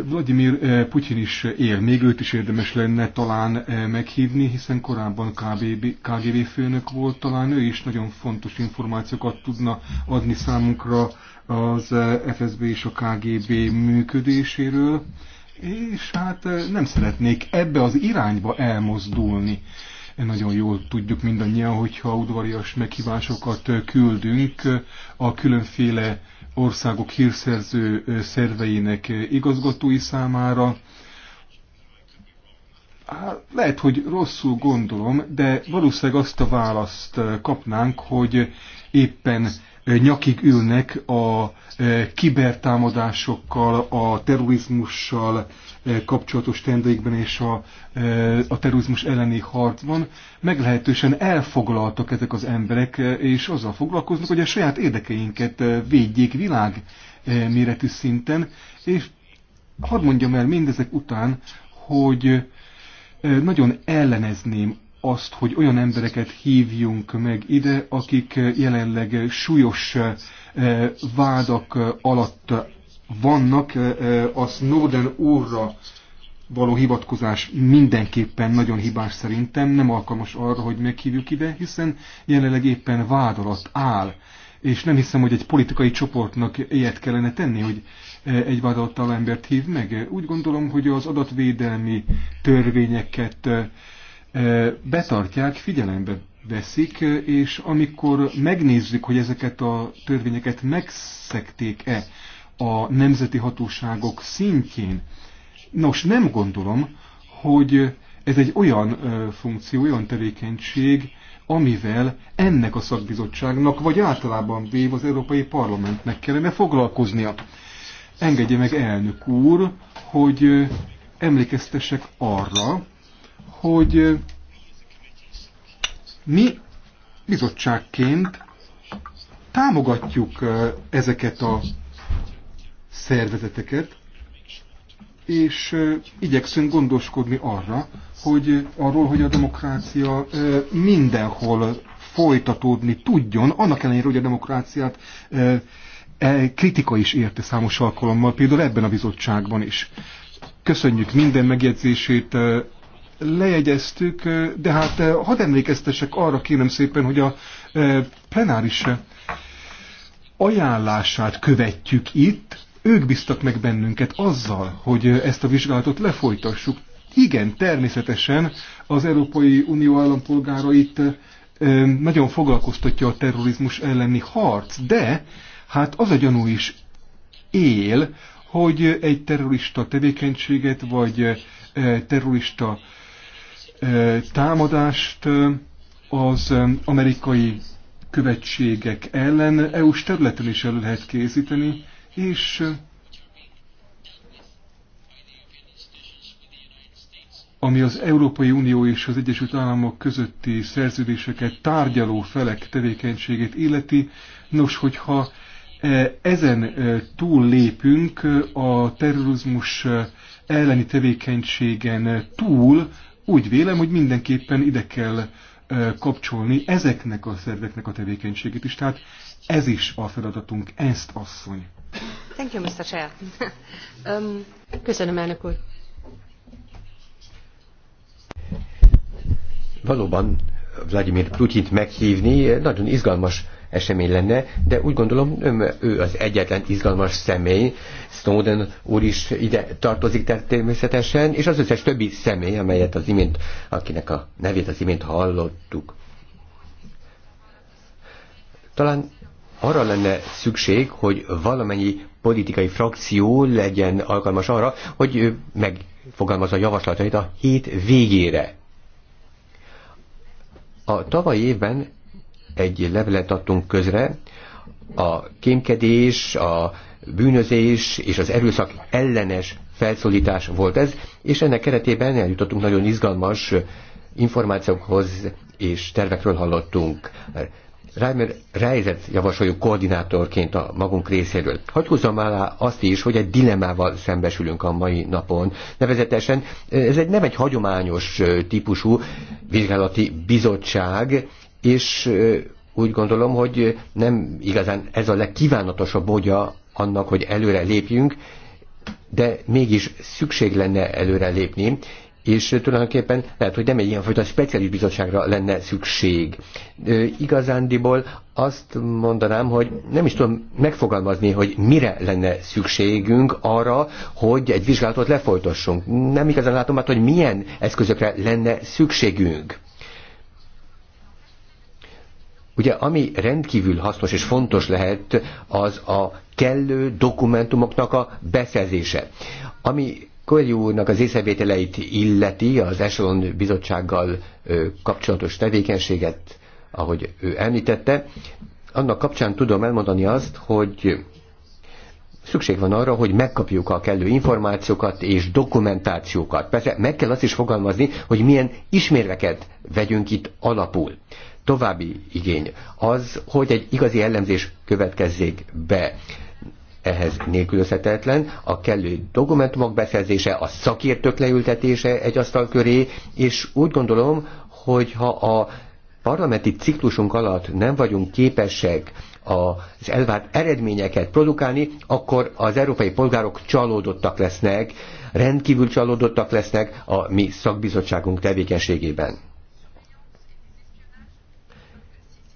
Vladimir Putyin is él, még őt is érdemes lenne talán meghívni, hiszen korábban KGB, KGB főnök volt, talán ő is nagyon fontos információkat tudna adni számunkra az FSB és a KGB működéséről, és hát nem szeretnék ebbe az irányba elmozdulni. Nagyon jól tudjuk mindannyian, hogyha udvarias meghívásokat küldünk a különféle országok hírszerző szerveinek igazgatói számára, lehet, hogy rosszul gondolom, de valószínűleg azt a választ kapnánk, hogy éppen nyakig ülnek a e, kibertámadásokkal, a terrorizmussal e, kapcsolatos tendeikben és a, e, a terrorizmus elleni harcban. Meglehetősen elfoglaltak ezek az emberek, és azzal foglalkoznak, hogy a saját érdekeinket védjék világ méretű szinten, és hadd mondjam el mindezek után, hogy nagyon ellenezném azt, hogy olyan embereket hívjunk meg ide, akik jelenleg súlyos eh, vádak eh, alatt vannak. Eh, A Snowden úrra való hivatkozás mindenképpen nagyon hibás szerintem, nem alkalmas arra, hogy meghívjuk ide, hiszen jelenleg éppen vád alatt áll. És nem hiszem, hogy egy politikai csoportnak ilyet kellene tenni, hogy egy vád alatt embert hív meg. Úgy gondolom, hogy az adatvédelmi törvényeket betartják, figyelembe veszik, és amikor megnézzük, hogy ezeket a törvényeket megszekték-e a nemzeti hatóságok szintjén, nos, nem gondolom, hogy ez egy olyan funkció, olyan tevékenység, amivel ennek a szakbizottságnak, vagy általában vév az Európai Parlamentnek kellene foglalkoznia. Engedje meg elnök úr, hogy emlékeztessek arra, hogy mi bizottságként támogatjuk ezeket a szervezeteket, és igyekszünk gondoskodni arra, hogy arról, hogy a demokrácia mindenhol folytatódni tudjon, annak ellenére, hogy a demokráciát e, kritika is érte számos alkalommal, például ebben a bizottságban is. Köszönjük minden megjegyzését, lejegyeztük, eh, de hát eh, hadd emlékeztesek arra kérem szépen, hogy a eh, plenáris ajánlását követjük itt, ők bíztak meg bennünket azzal, hogy ezt a vizsgálatot lefolytassuk. Igen, természetesen az Európai Unió állampolgárait nagyon foglalkoztatja a terrorizmus elleni harc, de hát az a gyanú is él, hogy egy terrorista tevékenységet vagy terrorista támadást az amerikai követségek ellen EU-s területen is elő lehet készíteni, és ami az Európai Unió és az Egyesült Államok közötti szerződéseket tárgyaló felek tevékenységét illeti. Nos, hogyha ezen túl lépünk a terrorizmus elleni tevékenységen túl, úgy vélem, hogy mindenképpen ide kell kapcsolni ezeknek a szerveknek a tevékenységét is. Tehát ez is a feladatunk, ezt asszony. Thank you, Mr. Chair. um, köszönöm, elnök úr. Valóban Vladimir Putyint meghívni nagyon izgalmas esemény lenne, de úgy gondolom nem ő az egyetlen izgalmas személy, Snowden úr is ide tartozik természetesen, és az összes többi személy, amelyet az imént, akinek a nevét az imént hallottuk. Talán arra lenne szükség, hogy valamennyi politikai frakció legyen alkalmas arra, hogy ő megfogalmazza javaslatait a hét végére. A tavalyi évben egy levelet adtunk közre, a kémkedés, a bűnözés és az erőszak ellenes felszólítás volt ez, és ennek keretében eljutottunk nagyon izgalmas információkhoz és tervekről hallottunk. Reimer Reizet javasoljuk koordinátorként a magunk részéről. Hadd húzzam alá azt is, hogy egy dilemával szembesülünk a mai napon. Nevezetesen ez egy, nem egy hagyományos típusú vizsgálati bizottság, és úgy gondolom, hogy nem igazán ez a legkívánatosabb bogya annak, hogy előre lépjünk, de mégis szükség lenne előre lépni, és tulajdonképpen lehet, hogy nem egy ilyenfajta speciális bizottságra lenne szükség. Igazándiból azt mondanám, hogy nem is tudom megfogalmazni, hogy mire lenne szükségünk arra, hogy egy vizsgálatot lefolytassunk. Nem igazán látom át, hogy milyen eszközökre lenne szükségünk. Ugye, ami rendkívül hasznos és fontos lehet, az a kellő dokumentumoknak a beszerzése. Ami Kori úrnak az észrevételeit illeti az Echelon bizottsággal kapcsolatos tevékenységet, ahogy ő említette, annak kapcsán tudom elmondani azt, hogy szükség van arra, hogy megkapjuk a kellő információkat és dokumentációkat. Persze meg kell azt is fogalmazni, hogy milyen ismérveket vegyünk itt alapul. További igény az, hogy egy igazi ellenzés következzék be ehhez nélkülözhetetlen, a kellő dokumentumok beszerzése, a szakértők leültetése egy asztal köré, és úgy gondolom, hogy ha a parlamenti ciklusunk alatt nem vagyunk képesek az elvárt eredményeket produkálni, akkor az európai polgárok csalódottak lesznek, rendkívül csalódottak lesznek a mi szakbizottságunk tevékenységében.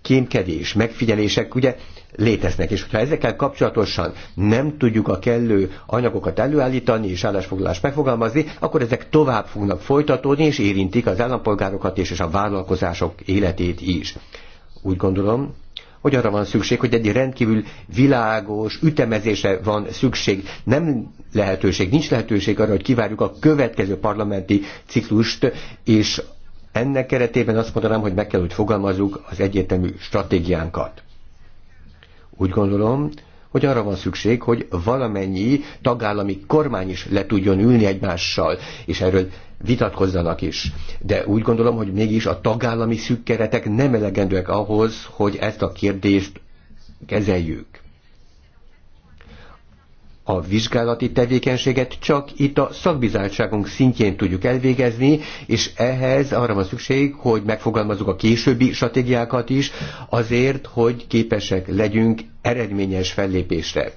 kémkedés, megfigyelések ugye léteznek, és hogyha ezekkel kapcsolatosan nem tudjuk a kellő anyagokat előállítani és állásfoglalást megfogalmazni, akkor ezek tovább fognak folytatódni, és érintik az állampolgárokat és, és a vállalkozások életét is. Úgy gondolom, hogy arra van szükség, hogy egy rendkívül világos ütemezése van szükség. Nem lehetőség, nincs lehetőség arra, hogy kivárjuk a következő parlamenti ciklust, és ennek keretében azt mondanám, hogy meg kell, hogy fogalmazzuk az egyértelmű stratégiánkat. Úgy gondolom, hogy arra van szükség, hogy valamennyi tagállami kormány is le tudjon ülni egymással, és erről vitatkozzanak is. De úgy gondolom, hogy mégis a tagállami szükkeretek nem elegendőek ahhoz, hogy ezt a kérdést kezeljük a vizsgálati tevékenységet csak itt a szakbizáltságunk szintjén tudjuk elvégezni, és ehhez arra van szükség, hogy megfogalmazzuk a későbbi stratégiákat is, azért, hogy képesek legyünk eredményes fellépésre.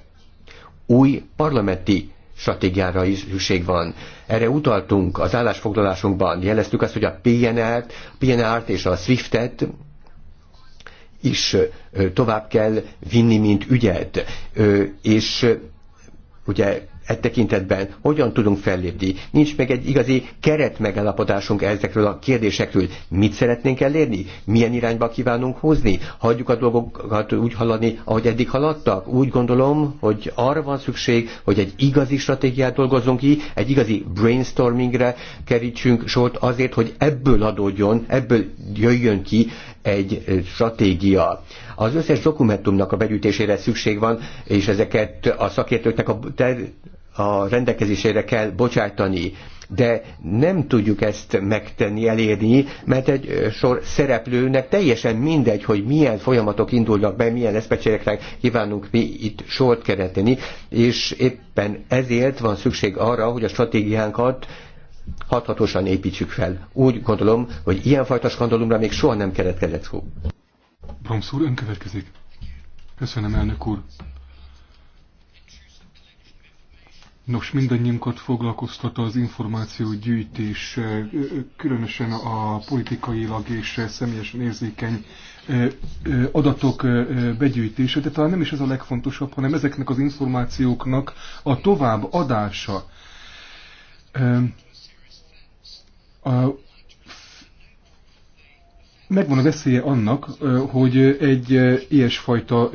Új parlamenti stratégiára is szükség van. Erre utaltunk az állásfoglalásunkban, jeleztük azt, hogy a PNR-t, PNR-t és a SWIFT-et is tovább kell vinni, mint ügyet. És ugye e tekintetben hogyan tudunk fellépni. Nincs meg egy igazi keret megállapodásunk ezekről a kérdésekről. Mit szeretnénk elérni? Milyen irányba kívánunk hozni? Hagyjuk a dolgokat úgy haladni, ahogy eddig haladtak? Úgy gondolom, hogy arra van szükség, hogy egy igazi stratégiát dolgozzunk ki, egy igazi brainstormingre kerítsünk sort azért, hogy ebből adódjon, ebből jöjjön ki egy stratégia. Az összes dokumentumnak a begyűjtésére szükség van, és ezeket a szakértőknek a, a rendelkezésére kell bocsájtani de nem tudjuk ezt megtenni, elérni, mert egy sor szereplőnek teljesen mindegy, hogy milyen folyamatok indulnak be, milyen eszpecsérekre kívánunk mi itt sort kereteni, és éppen ezért van szükség arra, hogy a stratégiánkat hathatósan építsük fel. Úgy gondolom, hogy ilyenfajta skandalumra még soha nem keretkezett szó. Bronx úr, ön következik. Köszönöm, elnök úr. Nos, mindannyiunkat foglalkoztat az információ gyűjtés, különösen a politikailag és személyesen érzékeny adatok begyűjtése, de talán nem is ez a legfontosabb, hanem ezeknek az információknak a tovább adása megvan az eszélye annak, hogy egy ilyesfajta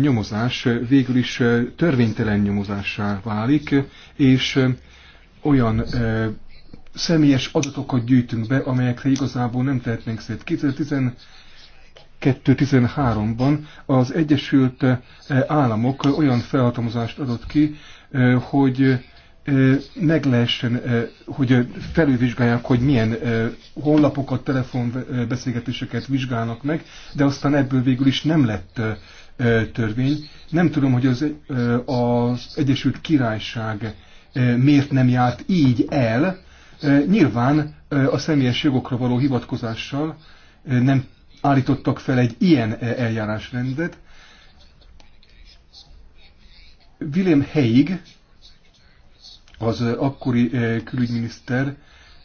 nyomozás végül is törvénytelen nyomozássá válik, és olyan személyes adatokat gyűjtünk be, amelyekre igazából nem tehetnénk szét. 2012-13-ban az Egyesült Államok olyan felhatalmazást adott ki, hogy meg lehessen, hogy felülvizsgálják, hogy milyen honlapokat, telefonbeszélgetéseket vizsgálnak meg, de aztán ebből végül is nem lett törvény. Nem tudom, hogy az, az Egyesült Királyság miért nem járt így el, nyilván a személyes jogokra való hivatkozással nem állítottak fel egy ilyen eljárásrendet. William Haig az eh, akkori eh, külügyminiszter,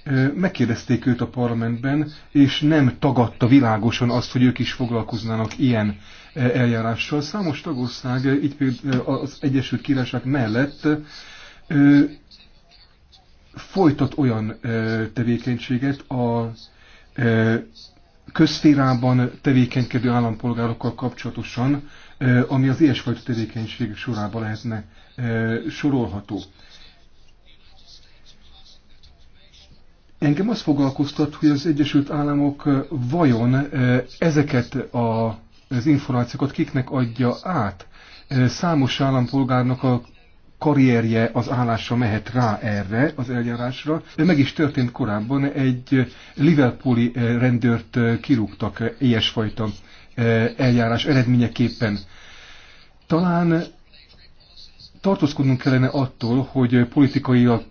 eh, megkérdezték őt a parlamentben, és nem tagadta világosan azt, hogy ők is foglalkoznának ilyen eljárással. Számos tagország, így például az Egyesült Királyság mellett folytat olyan tevékenységet a közszférában tevékenykedő állampolgárokkal kapcsolatosan, ami az ilyesfajta tevékenység sorába lehetne sorolható. Engem az foglalkoztat, hogy az Egyesült Államok eh, vajon eh, ezeket a, az információkat kiknek adja át. Eh, számos állampolgárnak a karrierje, az állása mehet rá erre az eljárásra. Meg is történt korábban, egy Liverpooli rendőrt kirúgtak ilyesfajta eljárás eredményeképpen. Talán tartózkodnunk kellene attól, hogy politikailag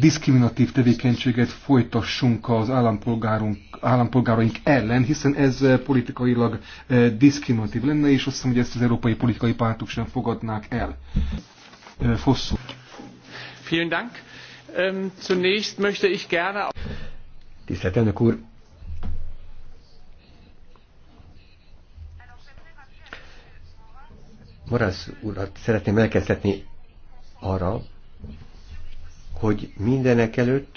diszkriminatív tevékenységet folytassunk az állampolgárunk, állampolgáraink ellen, hiszen ez politikailag diszkriminatív lenne, és azt hiszem, hogy ezt az európai politikai pártok sem fogadnák el. Fosszú. Vielen Dank. Ähm, zunächst möchte ich gerne... Tisztelt elnök úr, Morász urat szeretném elkezdetni arra, hogy mindenek előtt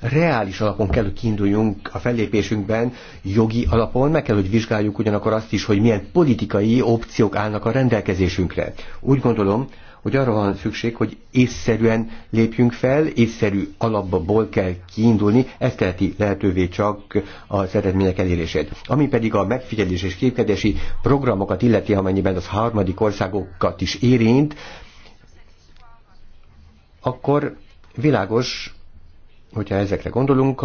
reális alapon kell, hogy kiinduljunk a fellépésünkben, jogi alapon, meg kell, hogy vizsgáljuk ugyanakkor azt is, hogy milyen politikai opciók állnak a rendelkezésünkre. Úgy gondolom, hogy arra van szükség, hogy észszerűen lépjünk fel, észszerű alapból kell kiindulni, ez teheti lehetővé csak az eredmények elérését. Ami pedig a megfigyelés és képkedési programokat illeti, amennyiben az harmadik országokat is érint, akkor világos, hogyha ezekre gondolunk,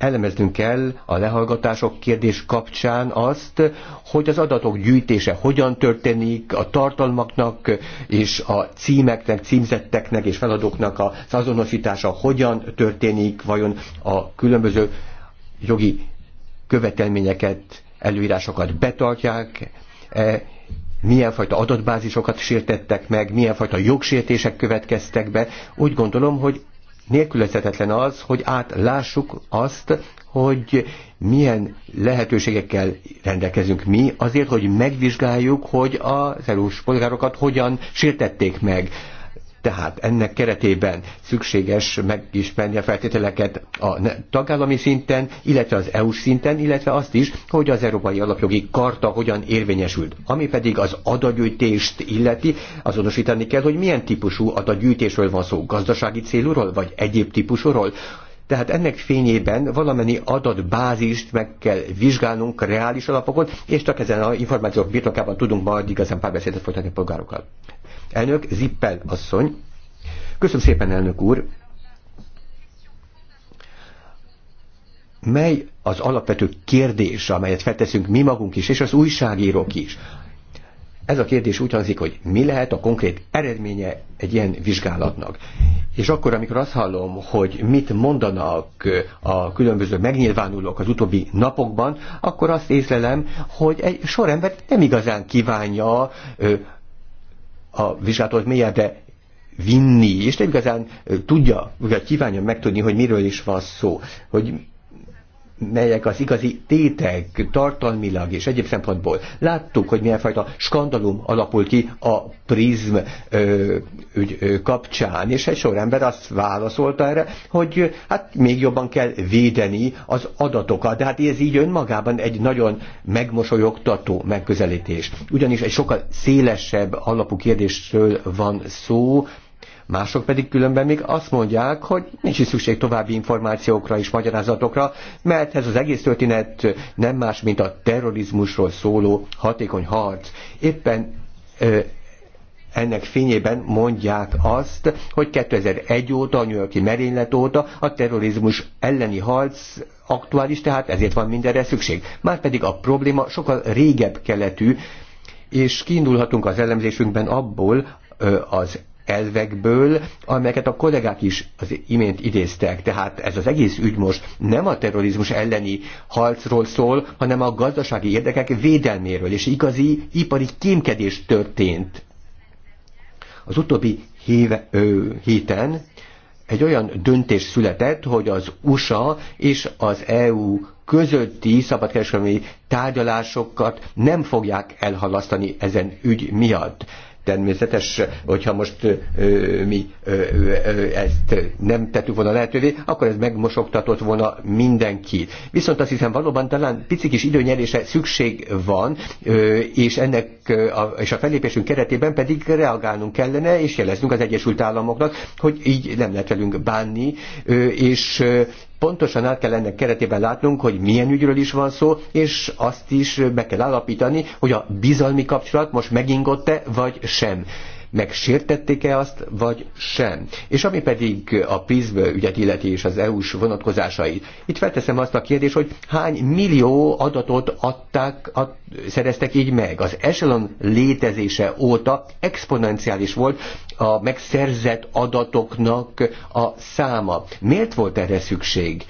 elemeznünk kell a lehallgatások kérdés kapcsán azt, hogy az adatok gyűjtése hogyan történik, a tartalmaknak és a címeknek, címzetteknek és feladóknak az azonosítása hogyan történik, vajon a különböző jogi követelményeket, előírásokat betartják, -e, milyen fajta adatbázisokat sértettek meg, milyen fajta jogsértések következtek be. Úgy gondolom, hogy nélkülözhetetlen az, hogy átlássuk azt, hogy milyen lehetőségekkel rendelkezünk mi azért, hogy megvizsgáljuk, hogy az eu polgárokat hogyan sértették meg tehát ennek keretében szükséges megismerni a feltételeket a tagállami szinten, illetve az EU szinten, illetve azt is, hogy az Európai Alapjogi Karta hogyan érvényesült. Ami pedig az adagyűjtést illeti, azonosítani kell, hogy milyen típusú adagyűjtésről van szó, gazdasági célúról, vagy egyéb típusúról. Tehát ennek fényében valamennyi adatbázist meg kell vizsgálnunk reális alapokon, és csak ezen a információk birtokában tudunk majd igazán párbeszédet folytatni a polgárokkal. Elnök Zippel asszony. Köszönöm szépen, elnök úr. Mely az alapvető kérdés, amelyet felteszünk mi magunk is, és az újságírók is? Ez a kérdés úgy hangzik, hogy mi lehet a konkrét eredménye egy ilyen vizsgálatnak. És akkor, amikor azt hallom, hogy mit mondanak eh, a különböző megnyilvánulók az utóbbi napokban, akkor azt észlelem, hogy egy sor ember nem igazán kívánja eh, a vizsgálatot de vinni, és nem igazán tudja, vagy kívánja megtudni, hogy miről is van szó, hogy melyek az igazi tétek tartalmilag és egyéb szempontból. Láttuk, hogy milyen fajta skandalum alapul ki a prizm ö, ügy, ö, kapcsán, és egy sor ember azt válaszolta erre, hogy hát még jobban kell védeni az adatokat, de hát ez így önmagában egy nagyon megmosolyogtató megközelítés. Ugyanis egy sokkal szélesebb alapú kérdésről van szó, Mások pedig különben még azt mondják, hogy nincs is szükség további információkra és magyarázatokra, mert ez az egész történet nem más, mint a terrorizmusról szóló hatékony harc. Éppen ö, ennek fényében mondják azt, hogy 2001 óta, a New Yorki merénylet óta a terrorizmus elleni harc aktuális, tehát ezért van mindenre szükség. Márpedig a probléma sokkal régebb keletű, és kiindulhatunk az elemzésünkben abból, az elvekből, amelyeket a kollégák is az imént idéztek. Tehát ez az egész ügy most nem a terrorizmus elleni harcról szól, hanem a gazdasági érdekek védelméről, és igazi ipari kémkedés történt. Az utóbbi héve, ö, héten egy olyan döntés született, hogy az USA és az EU közötti szabadkereskedelmi tárgyalásokat nem fogják elhalasztani ezen ügy miatt. Természetes, hogyha most ö, mi ö, ö, ezt nem tettük volna lehetővé, akkor ez megmosogtatott volna mindenkit. Viszont azt hiszem valóban talán pici kis időnyelése szükség van, ö, és ennek a, és a fellépésünk keretében pedig reagálnunk kellene, és jeleznünk az Egyesült Államoknak, hogy így nem lehet velünk bánni, ö, és pontosan el kell ennek keretében látnunk, hogy milyen ügyről is van szó, és azt is be kell állapítani, hogy a bizalmi kapcsolat most megingott-e, vagy sem megsértették-e azt, vagy sem. És ami pedig a PISB ügyet illeti és az EU-s vonatkozásait. Itt felteszem azt a kérdést, hogy hány millió adatot adták, ad, szereztek így meg. Az Echelon létezése óta exponenciális volt a megszerzett adatoknak a száma. Miért volt erre szükség?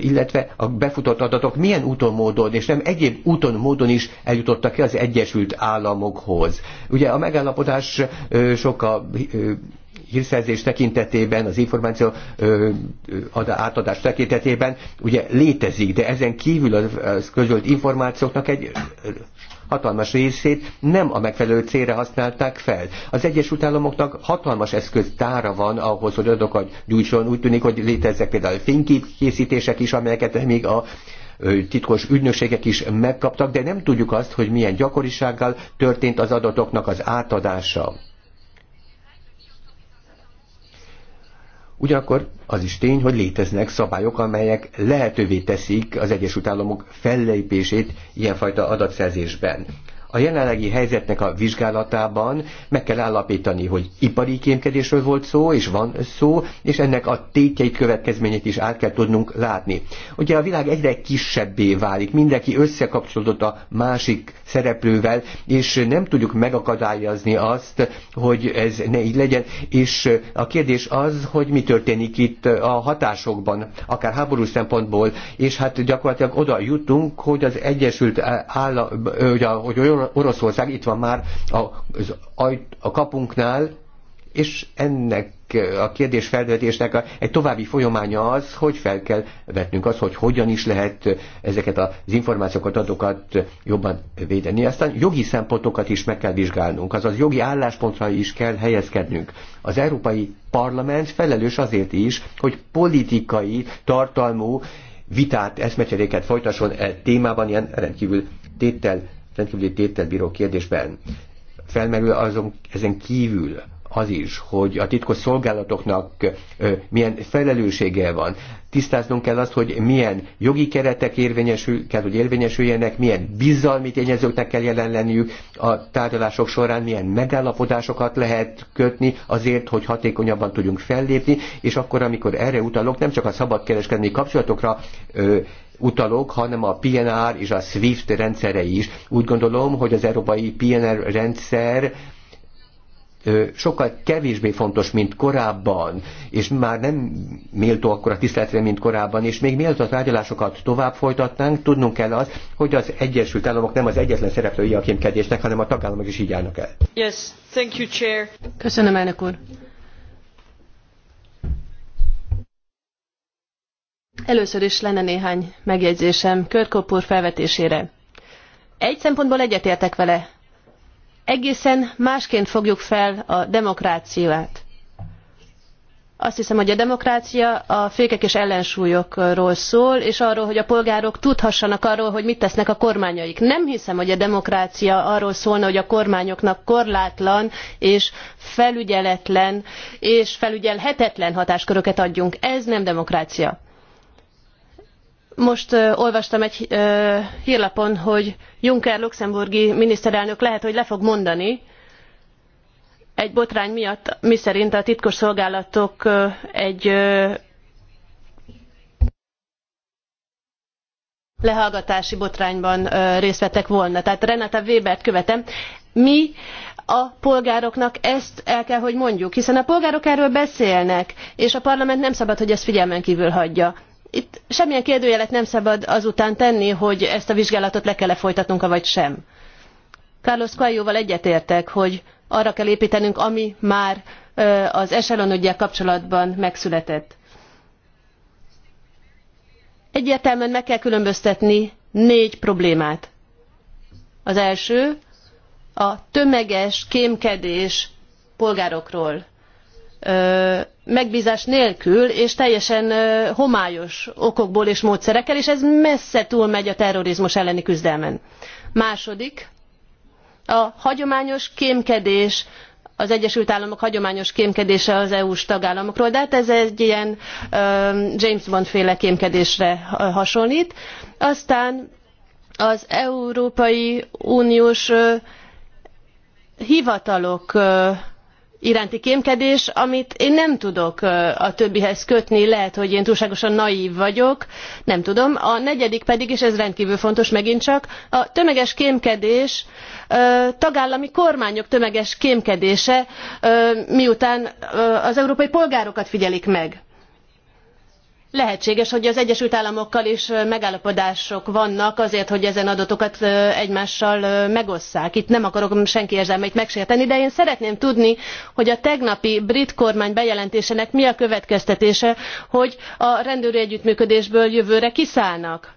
illetve a befutott adatok milyen úton, módon, és nem egyéb úton, módon is eljutottak ki az Egyesült Államokhoz. Ugye a megállapodás sokkal hírszerzés tekintetében, az információ átadás tekintetében ugye létezik, de ezen kívül az közölt információknak egy hatalmas részét nem a megfelelő célra használták fel. Az Egyesült Államoknak hatalmas eszköztára van ahhoz, hogy adokat gyújtson. Úgy tűnik, hogy léteznek például fénykép készítések is, amelyeket még a titkos ügynökségek is megkaptak, de nem tudjuk azt, hogy milyen gyakorisággal történt az adatoknak az átadása. Ugyanakkor az is tény, hogy léteznek szabályok, amelyek lehetővé teszik az Egyesült Államok fellépését ilyenfajta adatszerzésben. A jelenlegi helyzetnek a vizsgálatában meg kell állapítani, hogy ipari kémkedésről volt szó, és van szó, és ennek a tétjeit, következményét is át kell tudnunk látni. Ugye a világ egyre kisebbé válik, mindenki összekapcsolódott a másik szereplővel, és nem tudjuk megakadályozni azt, hogy ez ne így legyen, és a kérdés az, hogy mi történik itt a hatásokban, akár háborús szempontból, és hát gyakorlatilag oda jutunk, hogy az Egyesült Állam, hogy, a, hogy olyan Oroszország itt van már a, a, a kapunknál, és ennek a kérdés felvetésnek egy további folyamánya az, hogy fel kell vetnünk az, hogy hogyan is lehet ezeket az információkat, adokat jobban védeni. Aztán jogi szempontokat is meg kell vizsgálnunk, azaz jogi álláspontra is kell helyezkednünk. Az Európai Parlament felelős azért is, hogy politikai tartalmú vitát, eszmecseréket folytasson e témában ilyen rendkívül tétel rendkívüli bíró kérdésben felmerül azon, ezen kívül az is, hogy a titkos szolgálatoknak milyen felelőssége van. Tisztáznunk kell azt, hogy milyen jogi keretek érvényesül, kell, hogy érvényesüljenek, milyen bizalmi tényezőknek kell jelen lenniük a tárgyalások során, milyen megállapodásokat lehet kötni azért, hogy hatékonyabban tudjunk fellépni, és akkor, amikor erre utalok, nem csak a szabadkereskedni kapcsolatokra ö, utalok, hanem a PNR és a SWIFT rendszerei is. Úgy gondolom, hogy az európai PNR rendszer sokkal kevésbé fontos, mint korábban, és már nem méltó akkor a tiszteletre, mint korábban, és még mielőtt a tárgyalásokat tovább folytatnánk, tudnunk kell az, hogy az Egyesült Államok nem az egyetlen szereplői a kémkedésnek, hanem a tagállamok is így állnak el. Yes, thank you, chair. Köszönöm, elnök úr. Először is lenne néhány megjegyzésem Körkopúr felvetésére. Egy szempontból egyetértek vele. Egészen másként fogjuk fel a demokráciát. Azt hiszem, hogy a demokrácia a fékek és ellensúlyokról szól, és arról, hogy a polgárok tudhassanak arról, hogy mit tesznek a kormányaik. Nem hiszem, hogy a demokrácia arról szólna, hogy a kormányoknak korlátlan és felügyeletlen és felügyelhetetlen hatásköröket adjunk. Ez nem demokrácia most ö, olvastam egy ö, hírlapon, hogy Juncker luxemburgi miniszterelnök lehet, hogy le fog mondani egy botrány miatt, miszerint a titkos szolgálatok ö, egy ö, lehallgatási botrányban ö, részt vettek volna. Tehát Renata Webert követem. Mi a polgároknak ezt el kell, hogy mondjuk, hiszen a polgárok erről beszélnek, és a parlament nem szabad, hogy ezt figyelmen kívül hagyja itt semmilyen kérdőjelet nem szabad azután tenni, hogy ezt a vizsgálatot le kell-e folytatnunk, vagy sem. Carlos Coelhoval egyetértek, hogy arra kell építenünk, ami már az Echelon ügyel kapcsolatban megszületett. Egyértelműen meg kell különböztetni négy problémát. Az első a tömeges kémkedés polgárokról megbízás nélkül, és teljesen homályos okokból és módszerekkel, és ez messze túlmegy a terrorizmus elleni küzdelmen. Második, a hagyományos kémkedés, az Egyesült Államok hagyományos kémkedése az EU-s tagállamokról, de hát ez egy ilyen James Bond féle kémkedésre hasonlít. Aztán az Európai Uniós hivatalok iránti kémkedés amit én nem tudok a többihez kötni lehet hogy én túlságosan naív vagyok nem tudom. a negyedik pedig és ez rendkvül fontos megint csak a tömeges kémkedés tagállami kormányok tömeges kémkedése miután az európai polgárokat figyelik meg lehetséges hogy az egyesült államokkal is megállapodások vannak azért hogy ezen adatokat egymással megosszák. itt nem akarom senki érzelmeit megsérteni de én szeretném tudni hogy a tegnapi brit kormány bejelentésének mi a következtetése hogy a rendőri együttműködésből jövőre kiszállnak?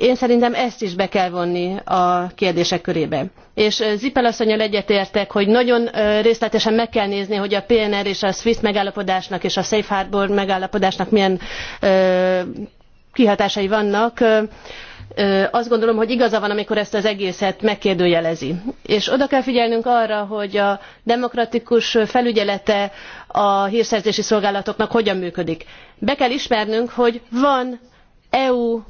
Én szerintem ezt is be kell vonni a kérdések körébe. És Zipel asszonyjal egyetértek, hogy nagyon részletesen meg kell nézni, hogy a PNR és a SWIFT megállapodásnak és a Safe Harbor megállapodásnak milyen kihatásai vannak azt gondolom, hogy igaza van, amikor ezt az egészet megkérdőjelezi. És oda kell figyelnünk arra, hogy a demokratikus felügyelete a hírszerzési szolgálatoknak hogyan működik. Be kell ismernünk, hogy van EU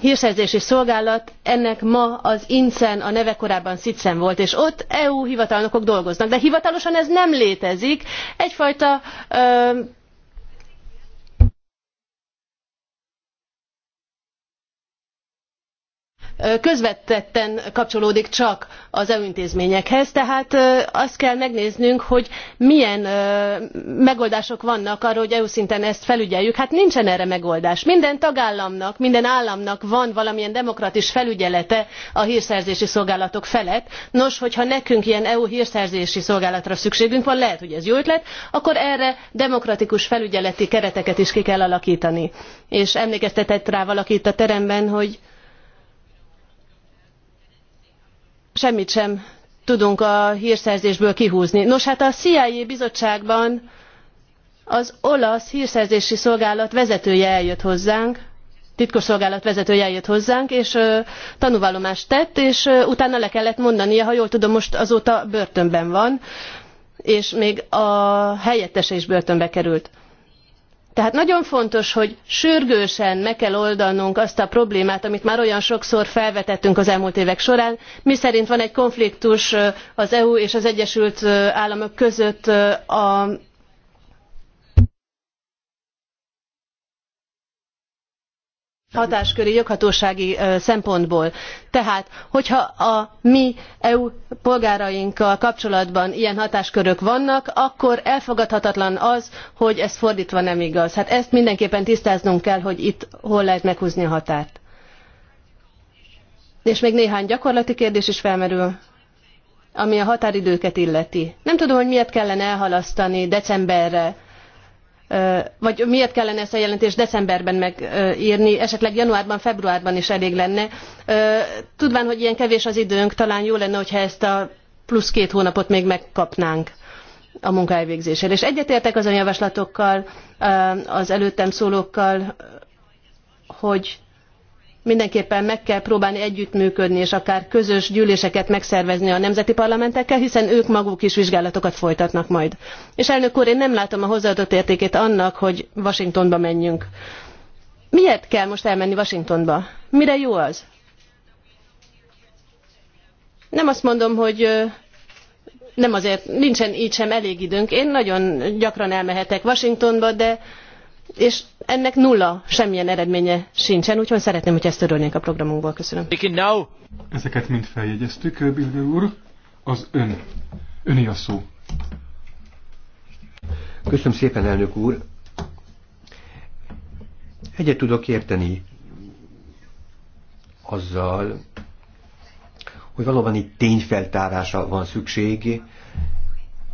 hrszerzési szolgálat ennek ma az incen a neve korábban cicen volt és ott eu hivatalnokok dolgoznak de hivatalosan ez nem létezik egyfajta közvetetten kapcsolódik csak az eu intézményekhez tehát azt kell megnéznünk hogy milyen megoldások vannak arra hogy eu szinten ezt felügyeljük. hát nincsen erre megoldás. minden tagállamnak minden államnak van valamilyen demokratikus felügyelete a hrszerzési szolgálatok felett nos hogyha nekünk ilyen eu hrszerzési szolgálatra szükségünk van lehet hogy ez jó ötlet akkor erre demokratikus felügyeleti kereteket is ki kell alaktani. és emlékeztetett rá valaki itt a teremben hogy semmit sem tudunk a hrszerzésből kihúzni. nos hát a cia bizottságban az olasz hrszerzési szolgálat vezetője eljött hozzánk titkosszolgálat vezetője eljött hozzánk és tanúvallomást tett és utána le kellett mondania ha jól tudom most azóta börtönben van és még a helyettese is börtönbe került. Tehát nagyon fontos, hogy sürgősen meg kell oldanunk azt a problémát, amit már olyan sokszor felvetettünk az elmúlt évek során, miszerint van egy konfliktus az EU és az Egyesült Államok között a hatásköri joghatósági szempontból. tehát hogyha a mi eu polgárainkkal kapcsolatban ilyen hatáskörök vannak akkor elfogadhatatlan az hogy ez fordtva nem igaz. hát ezt mindenképpen tisztáznunk kell hogy itt hol lehet meghúzni a határt. és még néhány gyakorlati kérdés is felmerül ami a határidőket illeti. nem tudom hogy miért kellene elhalasztani decemberre vagy miért kellene ezt a jelentést decemberben megírni, esetleg januárban, februárban is elég lenne. Tudván, hogy ilyen kevés az időnk, talán jó lenne, hogyha ezt a plusz két hónapot még megkapnánk a munka elvégzésére. És egyetértek azon javaslatokkal, az előttem szólókkal, hogy mindenképpen meg kell próbálni együttműködni és akár közös gyűléseket megszervezni a nemzeti parlamentekkel hiszen ők maguk is vizsgálatokat folytatnak majd. és elnök úr én nem látom a hozzáadott értékét annak hogy washingtonba menjünk. miért kell most elmenni washingtonba? mire jó az? nem azt mondom hogy nem azért nincsen így sem elég időnk én nagyon gyakran elmehetek washingtonba de és ennek nulla, semmilyen eredménye sincsen, úgyhogy szeretném, hogy ezt törölnénk a programunkból. Köszönöm. Ezeket mind feljegyeztük, Bilge úr. Az ön. Öni a szó. Köszönöm szépen, elnök úr. Egyet tudok érteni azzal, hogy valóban itt tényfeltárása van szükség.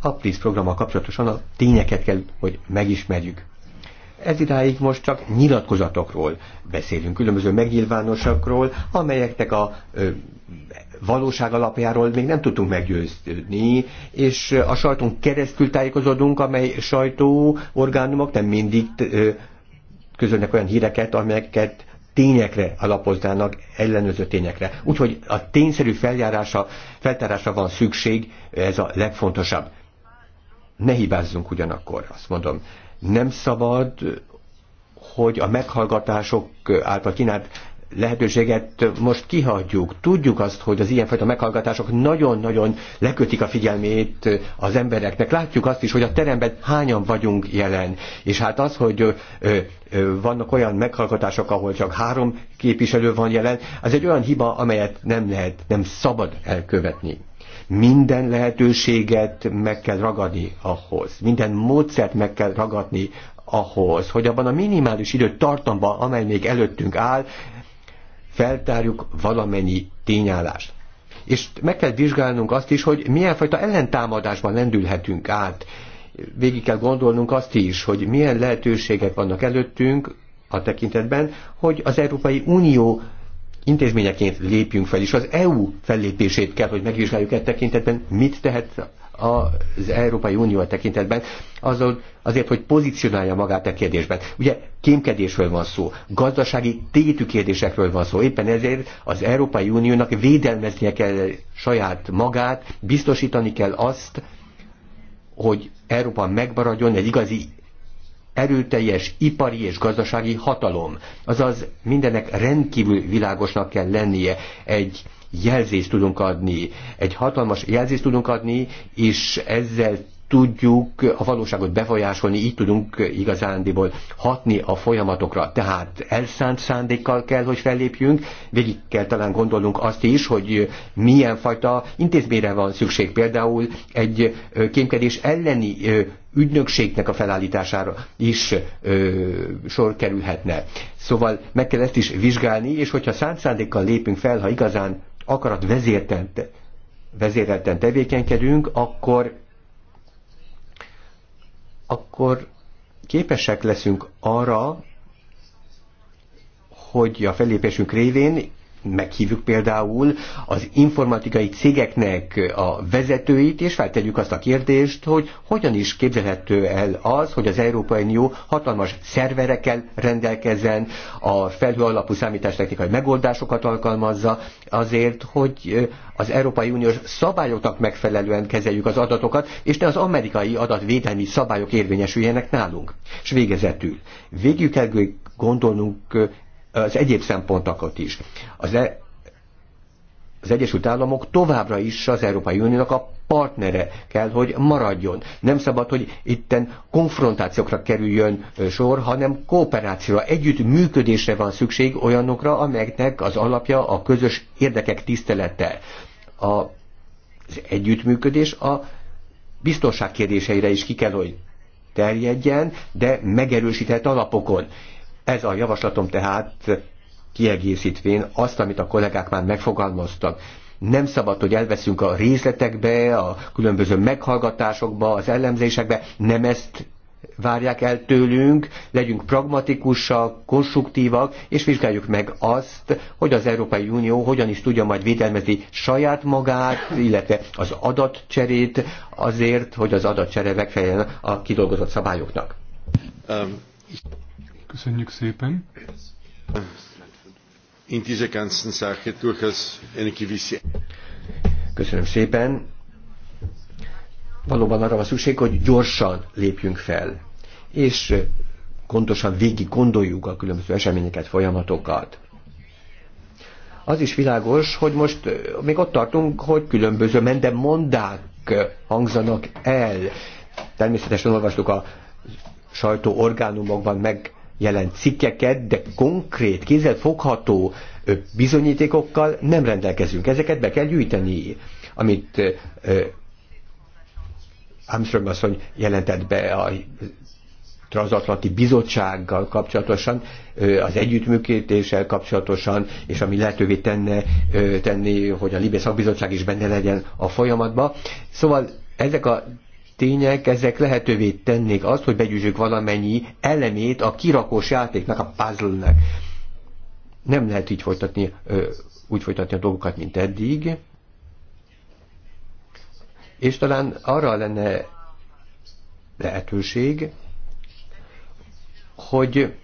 A PLIS programmal kapcsolatosan a tényeket kell, hogy megismerjük. Ez idáig most csak nyilatkozatokról beszélünk, különböző megnyilvánosakról, amelyeknek a ö, valóság alapjáról még nem tudtunk meggyőzni, és a sajton keresztül tájékozódunk, amely sajtó orgánumok nem mindig ö, közölnek olyan híreket, amelyeket tényekre alapoznának, ellenőrző tényekre. Úgyhogy a tényszerű feljárása, feltárása van szükség, ez a legfontosabb. Ne hibázzunk ugyanakkor, azt mondom. Nem szabad, hogy a meghallgatások által kínált lehetőséget most kihagyjuk. Tudjuk azt, hogy az ilyenfajta meghallgatások nagyon-nagyon lekötik a figyelmét az embereknek. Látjuk azt is, hogy a teremben hányan vagyunk jelen. És hát az, hogy ö, ö, vannak olyan meghallgatások, ahol csak három képviselő van jelen, az egy olyan hiba, amelyet nem lehet, nem szabad elkövetni. Minden lehetőséget meg kell ragadni ahhoz, minden módszert meg kell ragadni ahhoz, hogy abban a minimális időt tartamban, amely még előttünk áll, feltárjuk valamennyi tényállást. És meg kell vizsgálnunk azt is, hogy milyen fajta ellentámadásban lendülhetünk át. Végig kell gondolnunk azt is, hogy milyen lehetőségek vannak előttünk a tekintetben, hogy az Európai Unió intézményeként lépjünk fel, és az EU fellépését kell, hogy megvizsgáljuk e tekintetben, mit tehet az Európai Unió a e tekintetben, azon, azért, hogy pozícionálja magát a e kérdésben. Ugye kémkedésről van szó, gazdasági tétű kérdésekről van szó, éppen ezért az Európai Uniónak védelmeznie kell saját magát, biztosítani kell azt, hogy Európa megmaradjon egy igazi erőteljes ipari és gazdasági hatalom. Azaz mindenek rendkívül világosnak kell lennie egy jelzést tudunk adni, egy hatalmas jelzést tudunk adni, és ezzel tudjuk a valóságot befolyásolni, így tudunk igazándiból hatni a folyamatokra. Tehát elszánt szándékkal kell, hogy fellépjünk, végig kell talán gondolnunk azt is, hogy milyen fajta intézményre van szükség, például egy kémkedés elleni ügynökségnek a felállítására is ö, sor kerülhetne. Szóval meg kell ezt is vizsgálni, és hogyha szándékkal lépünk fel, ha igazán akarat vezérten, vezérelten tevékenykedünk, akkor akkor képesek leszünk arra, hogy a fellépésünk révén meghívjuk például az informatikai cégeknek a vezetőit, és feltegyük azt a kérdést, hogy hogyan is képzelhető el az, hogy az Európai Unió hatalmas szerverekkel rendelkezzen, a felhő alapú számítástechnikai megoldásokat alkalmazza, azért, hogy az Európai Uniós szabályoknak megfelelően kezeljük az adatokat, és ne az amerikai adatvédelmi szabályok érvényesüljenek nálunk. És végezetül, végül kell gondolnunk az egyéb szempontokat is. Az, e, az Egyesült Államok továbbra is az Európai Uniónak a partnere kell, hogy maradjon. Nem szabad, hogy itten konfrontációkra kerüljön sor, hanem kooperációra, együttműködésre van szükség olyanokra, amelyeknek az alapja a közös érdekek tisztelete. A, az együttműködés a biztonság kérdéseire is ki kell, hogy terjedjen, de megerősített alapokon. Ez a javaslatom tehát kiegészítvén azt, amit a kollégák már megfogalmaztak. Nem szabad, hogy elveszünk a részletekbe, a különböző meghallgatásokba, az ellenzésekbe, nem ezt várják el tőlünk, legyünk pragmatikusak, konstruktívak, és vizsgáljuk meg azt, hogy az Európai Unió hogyan is tudja majd védelmezni saját magát, illetve az adatcserét azért, hogy az adatcsere megfeleljen a kidolgozott szabályoknak. Um. Köszönjük szépen. In dieser ganzen Sache durchaus eine gewisse... Köszönöm szépen. Valóban arra van szükség, hogy gyorsan lépjünk fel, és pontosan végig gondoljuk a különböző eseményeket, folyamatokat az is világos, hogy most még ott tartunk, hogy különböző mendemondák hangzanak el. Természetesen olvastuk a sajtóorgánumokban meg jelent cikkeket, de konkrét, fogható bizonyítékokkal nem rendelkezünk. Ezeket be kell gyűjteni, amit Armstrong asszony jelentett be a transatlanti bizottsággal kapcsolatosan, az együttműködéssel kapcsolatosan, és ami lehetővé tenne, tenni, hogy a Libé szakbizottság is benne legyen a folyamatban. Szóval ezek a tények, ezek lehetővé tennék azt, hogy begyűjtsük valamennyi elemét a kirakós játéknak, a puzzle-nek. Nem lehet így folytatni, úgy folytatni a dolgokat, mint eddig. És talán arra lenne lehetőség, hogy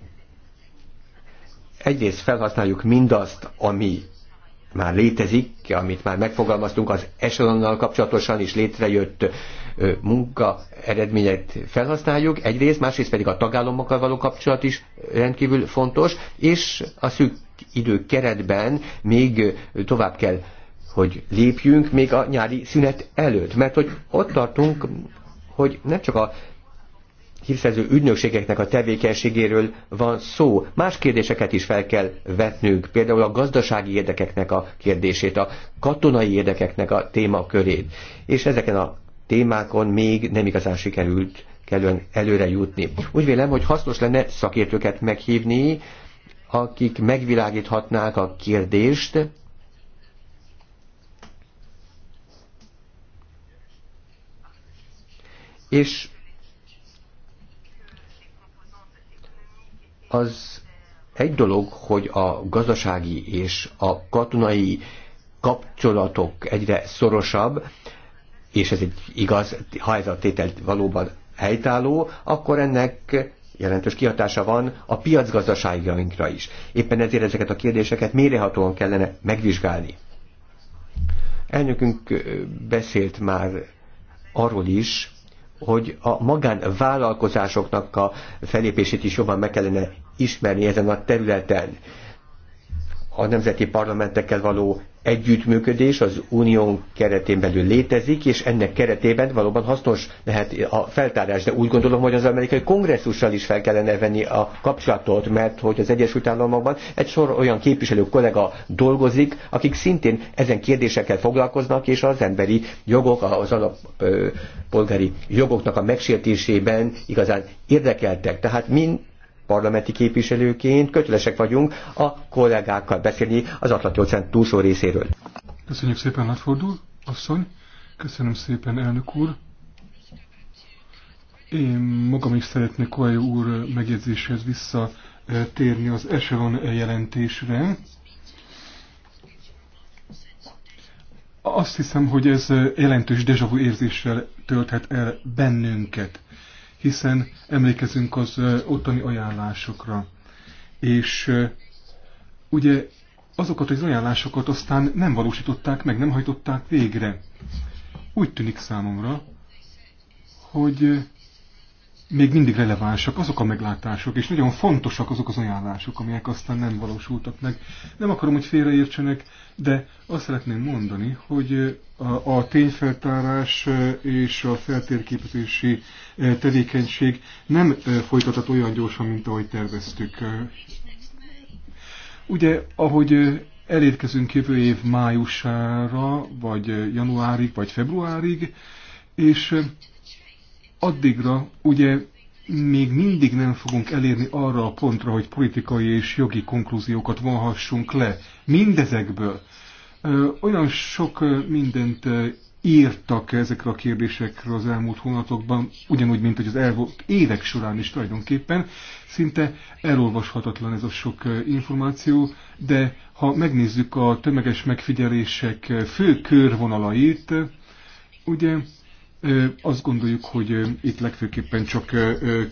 egyrészt felhasználjuk mindazt, ami már létezik, amit már megfogalmaztunk, az esalonnal kapcsolatosan is létrejött munka eredményet felhasználjuk, egyrészt, másrészt pedig a tagállamokkal való kapcsolat is rendkívül fontos, és a szűk idő keretben még tovább kell, hogy lépjünk még a nyári szünet előtt, mert hogy ott tartunk, hogy nem csak a hírszerző ügynökségeknek a tevékenységéről van szó. Más kérdéseket is fel kell vetnünk, például a gazdasági érdekeknek a kérdését, a katonai érdekeknek a témakörét. És ezeken a témákon még nem igazán sikerült kellően előre jutni. Úgy vélem, hogy hasznos lenne szakértőket meghívni, akik megvilágíthatnák a kérdést, és az egy dolog, hogy a gazdasági és a katonai kapcsolatok egyre szorosabb, és ez egy igaz, ha ez a tétel valóban helytálló, akkor ennek jelentős kihatása van a piacgazdaságainkra is. Éppen ezért ezeket a kérdéseket mérehatóan kellene megvizsgálni. Elnökünk beszélt már arról is, hogy a magánvállalkozásoknak a felépését is jobban meg kellene ismerni ezen a területen. A nemzeti parlamentekkel való együttműködés az unión keretén belül létezik, és ennek keretében valóban hasznos lehet a feltárás, de úgy gondolom, hogy az amerikai kongresszussal is fel kellene venni a kapcsolatot, mert hogy az Egyesült Államokban egy sor olyan képviselő kollega dolgozik, akik szintén ezen kérdésekkel foglalkoznak, és az emberi jogok, az alappolgári jogoknak a megsértésében igazán érdekeltek. Tehát mind parlamenti képviselőként kötelesek vagyunk a kollégákkal beszélni az Atlanti-óceán túlsó részéről. Köszönjük szépen, Nagyfordul, asszony. Köszönöm szépen, elnök úr. Én magam is szeretnék Koelyó úr megjegyzéshez visszatérni eh, az Echelon jelentésre. Azt hiszem, hogy ez eh, jelentős dejavú érzéssel tölthet el bennünket hiszen emlékezünk az ottani ajánlásokra. És ugye azokat az ajánlásokat aztán nem valósították meg, nem hajtották végre. Úgy tűnik számomra, hogy még mindig relevánsak azok a meglátások, és nagyon fontosak azok az ajánlások, amelyek aztán nem valósultak meg. Nem akarom, hogy félreértsenek, de azt szeretném mondani, hogy a, a tényfeltárás és a feltérképezési tevékenység nem folytatott olyan gyorsan, mint ahogy terveztük. Ugye, ahogy elérkezünk jövő év májusára, vagy januárig, vagy februárig, és addigra ugye még mindig nem fogunk elérni arra a pontra, hogy politikai és jogi konklúziókat vonhassunk le. Mindezekből olyan sok mindent írtak ezekről a kérdésekről az elmúlt hónapokban, ugyanúgy, mint hogy az elmúlt évek során is tulajdonképpen, szinte elolvashatatlan ez a sok információ, de ha megnézzük a tömeges megfigyelések fő körvonalait, ugye azt gondoljuk, hogy itt legfőképpen csak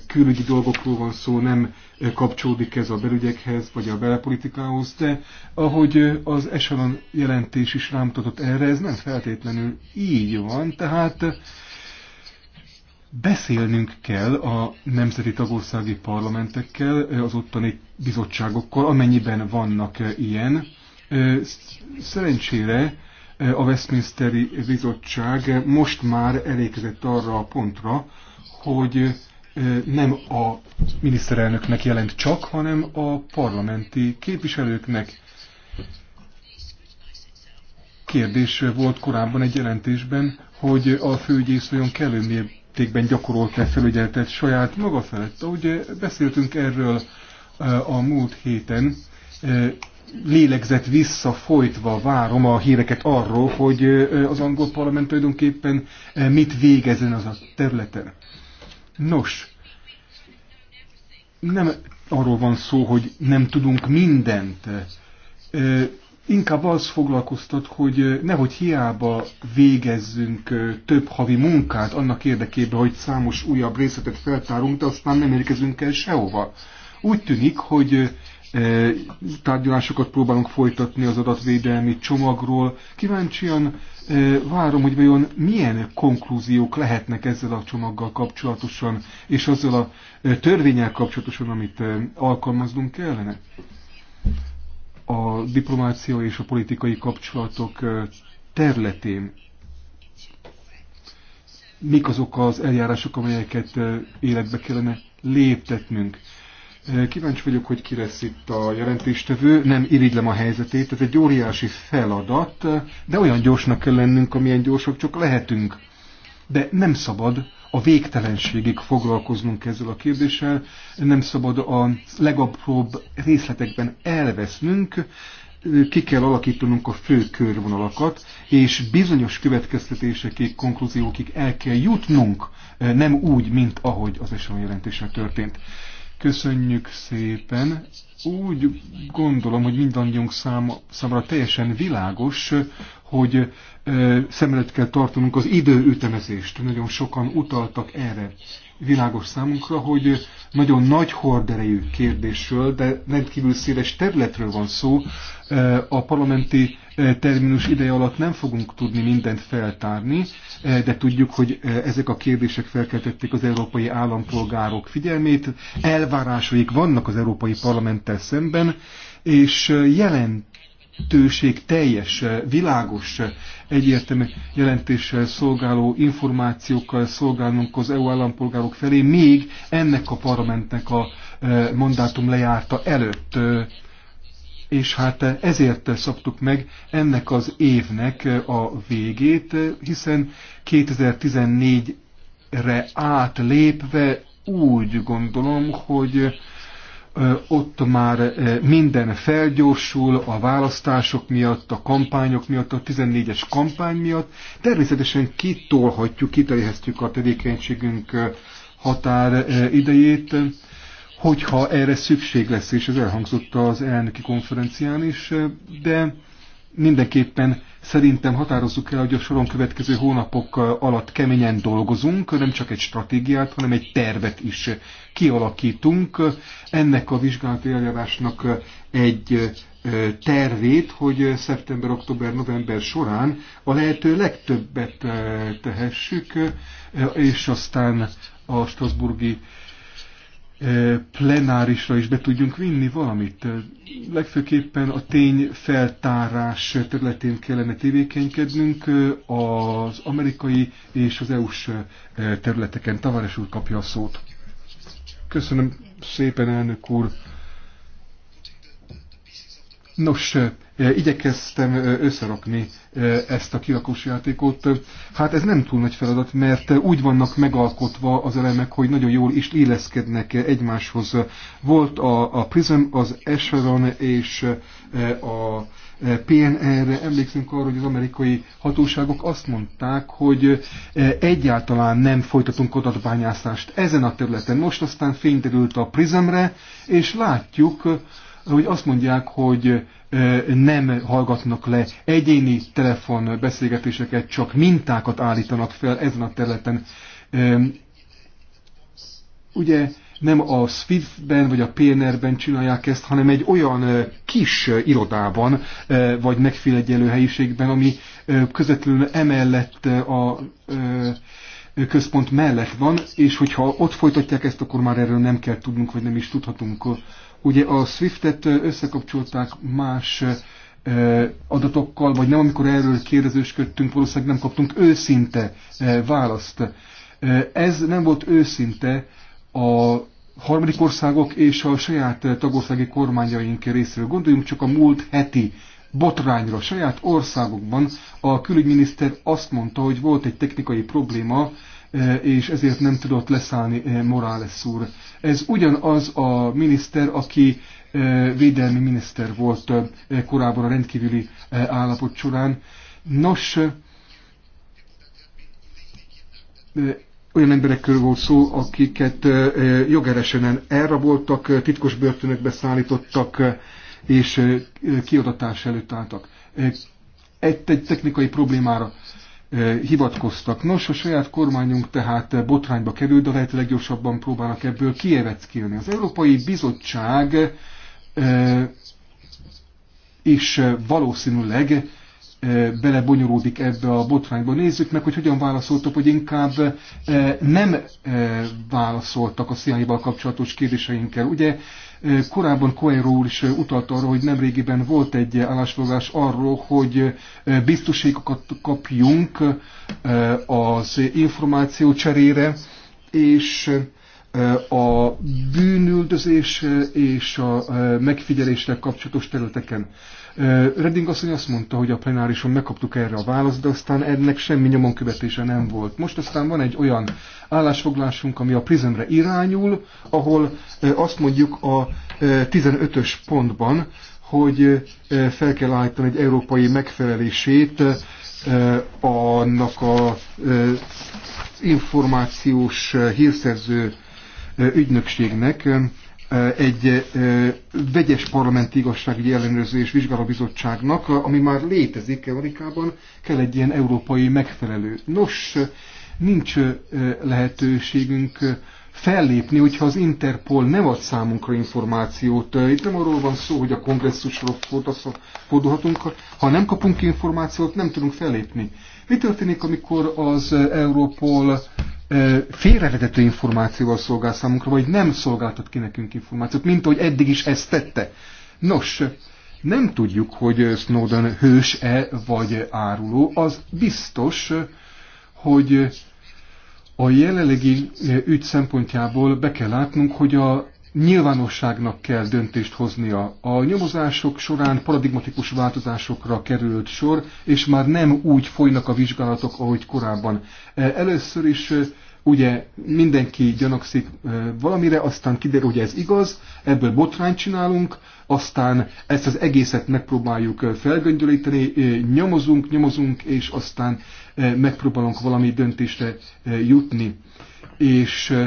külügyi dolgokról van szó, nem kapcsolódik ez a belügyekhez vagy a belpolitikához, de ahogy az Echelon jelentés is rámutatott erre, ez nem feltétlenül így van, tehát beszélnünk kell a nemzeti tagországi parlamentekkel, az ottani bizottságokkal, amennyiben vannak ilyen. Szerencsére a Westminsteri Bizottság most már elékezett arra a pontra, hogy nem a miniszterelnöknek jelent csak, hanem a parlamenti képviselőknek. Kérdés volt korábban egy jelentésben, hogy a főügyész olyan kellő mértékben gyakorolt-e felügyeletet saját maga felett. Ahogy beszéltünk erről a múlt héten, vissza folytva várom a híreket arról, hogy az angol parlament tulajdonképpen mit végezzen az a területen. Nos, nem arról van szó, hogy nem tudunk mindent. Inkább az foglalkoztat, hogy nehogy hiába végezzünk több havi munkát annak érdekében, hogy számos újabb részletet feltárunk, de aztán nem érkezünk el sehova. Úgy tűnik, hogy tárgyalásokat próbálunk folytatni az adatvédelmi csomagról. Kíváncsian várom, hogy vajon milyen konklúziók lehetnek ezzel a csomaggal kapcsolatosan, és azzal a törvényel kapcsolatosan, amit alkalmaznunk kellene. A diplomácia és a politikai kapcsolatok területén mik azok az eljárások, amelyeket életbe kellene léptetnünk. Kíváncsi vagyok, hogy ki lesz itt a jelentéstevő. Nem irigylem a helyzetét, ez egy óriási feladat, de olyan gyorsnak kell lennünk, amilyen gyorsak csak lehetünk. De nem szabad a végtelenségig foglalkoznunk ezzel a kérdéssel, nem szabad a legapróbb részletekben elvesznünk, ki kell alakítanunk a fő körvonalakat, és bizonyos következtetésekig, konklúziókig el kell jutnunk, nem úgy, mint ahogy az eseményjelentéssel történt. Köszönjük szépen. Úgy gondolom, hogy mindannyiunk számára teljesen világos, hogy szem kell tartanunk az időütemezést. Nagyon sokan utaltak erre. Világos számunkra, hogy nagyon nagy horderejű kérdésről, de rendkívül széles területről van szó. A parlamenti terminus ideje alatt nem fogunk tudni mindent feltárni, de tudjuk, hogy ezek a kérdések felkeltették az európai állampolgárok figyelmét, elvárásaik vannak az Európai Parlamenttel szemben, és jelent tőség teljes, világos, egyértelmű jelentéssel szolgáló információkkal szolgálnunk az EU állampolgárok felé, még ennek a parlamentnek a mandátum lejárta előtt és hát ezért szabtuk meg ennek az évnek a végét, hiszen 2014-re átlépve úgy gondolom, hogy ott már minden felgyorsul a választások miatt, a kampányok miatt, a 14-es kampány miatt. Természetesen kitolhatjuk, kiterjesztjük a tevékenységünk határidejét, idejét, hogyha erre szükség lesz, és ez elhangzott az elnöki konferencián is, de mindenképpen szerintem határozzuk el, hogy a soron következő hónapok alatt keményen dolgozunk, nem csak egy stratégiát, hanem egy tervet is kialakítunk. Ennek a vizsgálati eljárásnak egy tervét, hogy szeptember, október, november során a lehető legtöbbet tehessük, és aztán a Strasburgi plenárisra is be tudjunk vinni valamit. Legfőképpen a tény feltárás területén kellene tevékenykednünk az amerikai és az EU-s területeken. Tavares úr kapja a szót. Köszönöm szépen, elnök úr. Nos, igyekeztem összerakni ezt a kilakos játékot. Hát ez nem túl nagy feladat, mert úgy vannak megalkotva az elemek, hogy nagyon jól is illeszkednek egymáshoz. Volt a, a Prism, az Echeron és a PNR-re emlékszünk arra, hogy az amerikai hatóságok azt mondták, hogy egyáltalán nem folytatunk adatbányászást ezen a területen. Most aztán fény a Prismre, és látjuk, hogy azt mondják, hogy nem hallgatnak le egyéni telefonbeszélgetéseket, csak mintákat állítanak fel ezen a területen. Ugye nem a Swift-ben vagy a PNR-ben csinálják ezt, hanem egy olyan kis irodában vagy megfigyelő helyiségben, ami közvetlenül emellett a központ mellett van, és hogyha ott folytatják ezt, akkor már erről nem kell tudnunk, vagy nem is tudhatunk Ugye a SWIFT-et összekapcsolták más adatokkal, vagy nem, amikor erről kérdezősködtünk, valószínűleg nem kaptunk őszinte választ. Ez nem volt őszinte a harmadik országok és a saját tagországi kormányaink részéről. Gondoljunk csak a múlt heti botrányra. Saját országokban a külügyminiszter azt mondta, hogy volt egy technikai probléma, és ezért nem tudott leszállni Morales úr. Ez ugyanaz a miniszter, aki e, védelmi miniszter volt e, korábban a rendkívüli e, állapot során. Nos, olyan emberekről volt szó, akiket jogeresen elraboltak, titkos börtönökbe szállítottak, és kiadatás előtt álltak. Egy, egy technikai problémára hivatkoztak. Nos, a saját kormányunk tehát botrányba került, de lehet leggyorsabban próbálnak ebből kieveckélni. Az Európai Bizottság is valószínűleg belebonyolódik ebbe a botrányba. Nézzük meg, hogy hogyan válaszoltak, hogy inkább nem válaszoltak a cia kapcsolatos kérdéseinkkel. Ugye Korábban Coelho úr is utalt arra, hogy nemrégiben volt egy állásfoglalás arról, hogy biztosítékokat kapjunk az információ cserére, és a bűnüldözés és a megfigyelésre kapcsolatos területeken. Redding asszony azt mondta, hogy a plenárison megkaptuk erre a választ, de aztán ennek semmi nyomon követése nem volt. Most aztán van egy olyan állásfoglásunk, ami a prizemre irányul, ahol azt mondjuk a 15-ös pontban, hogy fel kell állítani egy európai megfelelését annak az információs hírszerző ügynökségnek, Eh, egy eh, vegyes parlamenti igazságügyi ellenőrző és vizsgálóbizottságnak, ami már létezik Amerikában, kell egy ilyen európai megfelelő. Nos, nincs eh, lehetőségünk fellépni, hogyha az Interpol nem ad számunkra információt. Itt nem arról van szó, hogy a kongresszusról fordulhatunk, ha nem kapunk információt, nem tudunk fellépni. Mi történik, amikor az eh, Europol eh, félrevezető információval szolgál számunkra, vagy nem szolgáltat ki nekünk információt, mint ahogy eddig is ezt tette? Nos, nem tudjuk, hogy Snowden hős-e vagy áruló. Az biztos, hogy a jelenlegi eh, ügy szempontjából be kell látnunk, hogy a nyilvánosságnak kell döntést hoznia. A nyomozások során paradigmatikus változásokra került sor, és már nem úgy folynak a vizsgálatok, ahogy korábban. E, először is e, ugye mindenki gyanakszik e, valamire, aztán kiderül, hogy ez igaz, ebből botrányt csinálunk, aztán ezt az egészet megpróbáljuk felgöngyölíteni, nyomozunk, nyomozunk, és aztán megpróbálunk valami döntésre jutni. És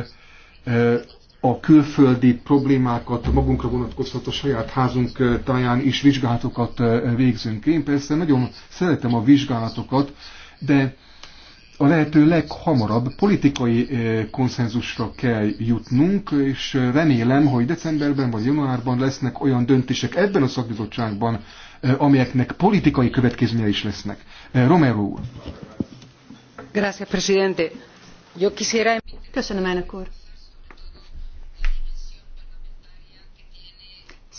a külföldi problémákat magunkra vonatkozható saját házunk táján is vizsgálatokat végzünk. Én persze nagyon szeretem a vizsgálatokat, de a lehető leghamarabb politikai konszenzusra kell jutnunk, és remélem, hogy decemberben vagy januárban lesznek olyan döntések ebben a szakbizottságban, amelyeknek politikai következménye is lesznek. Romero úr. Köszönöm, elnök úr.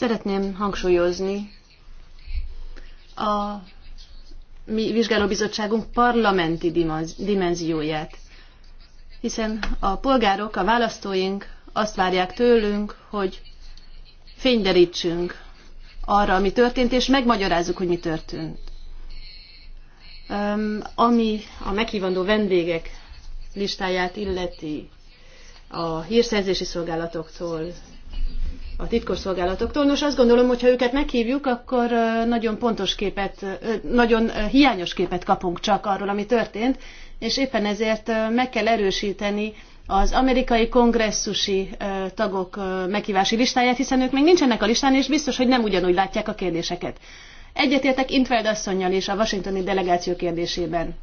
Szeretném hangsúlyozni a mi vizsgálóbizottságunk parlamenti dimenzióját, hiszen a polgárok, a választóink azt várják tőlünk, hogy fényderítsünk arra, ami történt, és megmagyarázzuk, hogy mi történt. Um, ami a meghívandó vendégek listáját illeti a hírszerzési szolgálatoktól, a titkosszolgálatoktól. Nos, azt gondolom, hogy ha őket meghívjuk, akkor nagyon pontos képet, nagyon hiányos képet kapunk csak arról, ami történt, és éppen ezért meg kell erősíteni az amerikai kongresszusi tagok meghívási listáját, hiszen ők még nincsenek a listán, és biztos, hogy nem ugyanúgy látják a kérdéseket. Egyetértek Intveld asszonynal és a washingtoni delegáció kérdésében.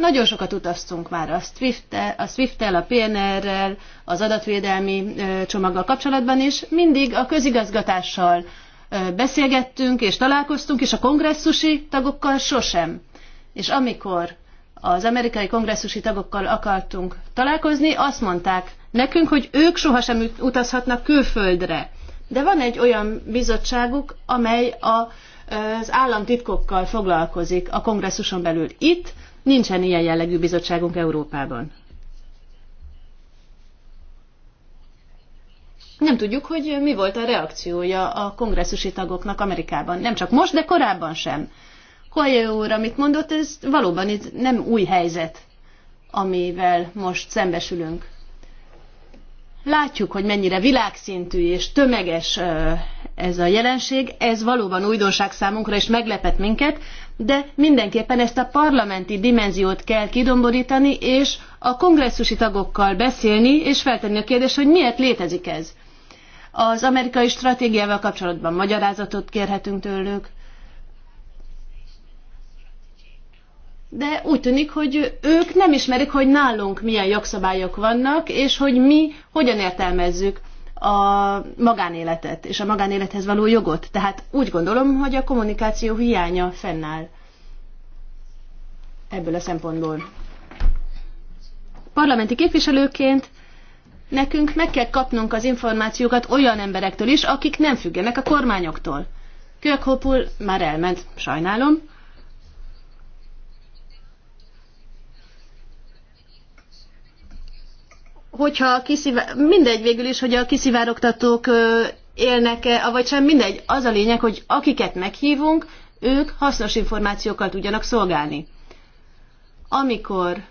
Nagyon sokat utaztunk már a Swift-tel, a, Swift a PNR-rel, az adatvédelmi csomaggal kapcsolatban is. Mindig a közigazgatással beszélgettünk és találkoztunk, és a kongresszusi tagokkal sosem. És amikor az amerikai kongresszusi tagokkal akartunk találkozni, azt mondták nekünk, hogy ők sohasem utazhatnak külföldre. De van egy olyan bizottságuk, amely a, az államtitkokkal foglalkozik a kongresszuson belül. Itt Nincsen ilyen jellegű bizottságunk Európában. Nem tudjuk, hogy mi volt a reakciója a kongresszusi tagoknak Amerikában. Nem csak most, de korábban sem. Kolyó úr, amit mondott, ez valóban itt nem új helyzet, amivel most szembesülünk. Látjuk, hogy mennyire világszintű és tömeges ez a jelenség. Ez valóban újdonság számunkra, és meglepet minket, de mindenképpen ezt a parlamenti dimenziót kell kidomborítani, és a kongresszusi tagokkal beszélni, és feltenni a kérdést, hogy miért létezik ez. Az amerikai stratégiával kapcsolatban magyarázatot kérhetünk tőlük, de úgy tűnik, hogy ők nem ismerik, hogy nálunk milyen jogszabályok vannak, és hogy mi hogyan értelmezzük a magánéletet és a magánélethez való jogot. Tehát úgy gondolom, hogy a kommunikáció hiánya fennáll ebből a szempontból. Parlamenti képviselőként nekünk meg kell kapnunk az információkat olyan emberektől is, akik nem függenek a kormányoktól. Kökhopul már elment, sajnálom, hogyha kiszivá... mindegy végül is, hogy a kiszivárogtatók élnek-e, vagy sem, mindegy. Az a lényeg, hogy akiket meghívunk, ők hasznos információkkal tudjanak szolgálni. Amikor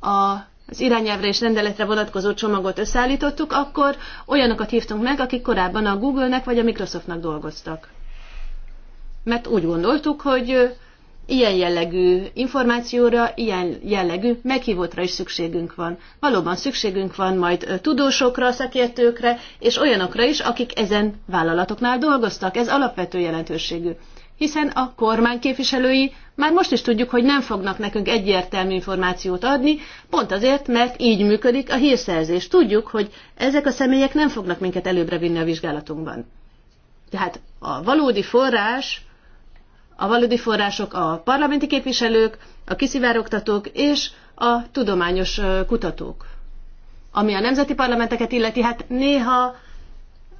a az irányelvre és rendeletre vonatkozó csomagot összeállítottuk, akkor olyanokat hívtunk meg, akik korábban a Google-nek vagy a Microsoftnak dolgoztak. Mert úgy gondoltuk, hogy ilyen jellegű információra, ilyen jellegű meghívótra is szükségünk van. Valóban szükségünk van majd tudósokra, szakértőkre, és olyanokra is, akik ezen vállalatoknál dolgoztak. Ez alapvető jelentőségű. Hiszen a kormány képviselői már most is tudjuk, hogy nem fognak nekünk egyértelmű információt adni, pont azért, mert így működik a hírszerzés. Tudjuk, hogy ezek a személyek nem fognak minket előbbre vinni a vizsgálatunkban. Tehát a valódi forrás a valódi források a parlamenti képviselők, a kiszivárogtatók és a tudományos kutatók. Ami a nemzeti parlamenteket illeti, hát néha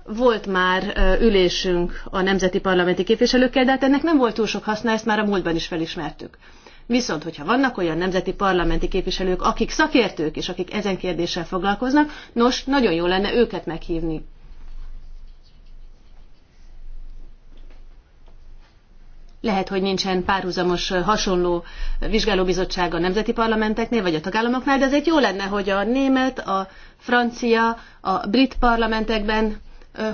volt már ülésünk a nemzeti parlamenti képviselőkkel, de hát ennek nem volt túl sok haszna, ezt már a múltban is felismertük. Viszont, hogyha vannak olyan nemzeti parlamenti képviselők, akik szakértők és akik ezen kérdéssel foglalkoznak, nos, nagyon jó lenne őket meghívni. Lehet, hogy nincsen párhuzamos hasonló vizsgálóbizottság a nemzeti parlamenteknél vagy a tagállamoknál, de azért jó lenne, hogy a német, a francia, a brit parlamentekben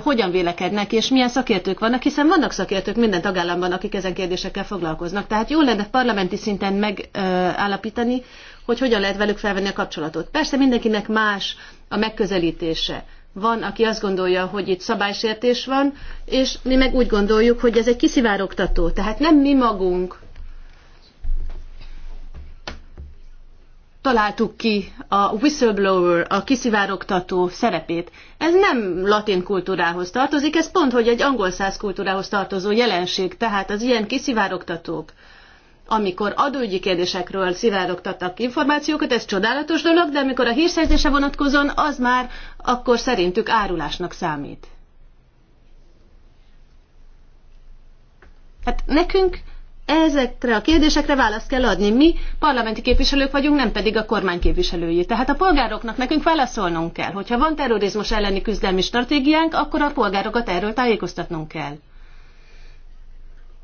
hogyan vélekednek, és milyen szakértők vannak, hiszen vannak szakértők minden tagállamban, akik ezen kérdésekkel foglalkoznak. Tehát jó lenne parlamenti szinten megállapítani, hogy hogyan lehet velük felvenni a kapcsolatot. Persze mindenkinek más a megközelítése. Van, aki azt gondolja, hogy itt szabálysértés van, és mi meg úgy gondoljuk, hogy ez egy kiszivárogtató. Tehát nem mi magunk találtuk ki a whistleblower, a kiszivárogtató szerepét. Ez nem latin kultúrához tartozik, ez pont, hogy egy angol száz kultúrához tartozó jelenség. Tehát az ilyen kiszivárogtatók, amikor adóügyi kérdésekről szivárogtattak információkat, ez csodálatos dolog, de amikor a hírszerzése vonatkozóan, az már akkor szerintük árulásnak számít. Hát nekünk ezekre a kérdésekre választ kell adni. Mi parlamenti képviselők vagyunk, nem pedig a kormány képviselői. Tehát a polgároknak nekünk válaszolnunk kell. Hogyha van terrorizmus elleni küzdelmi stratégiánk, akkor a polgárokat erről tájékoztatnunk kell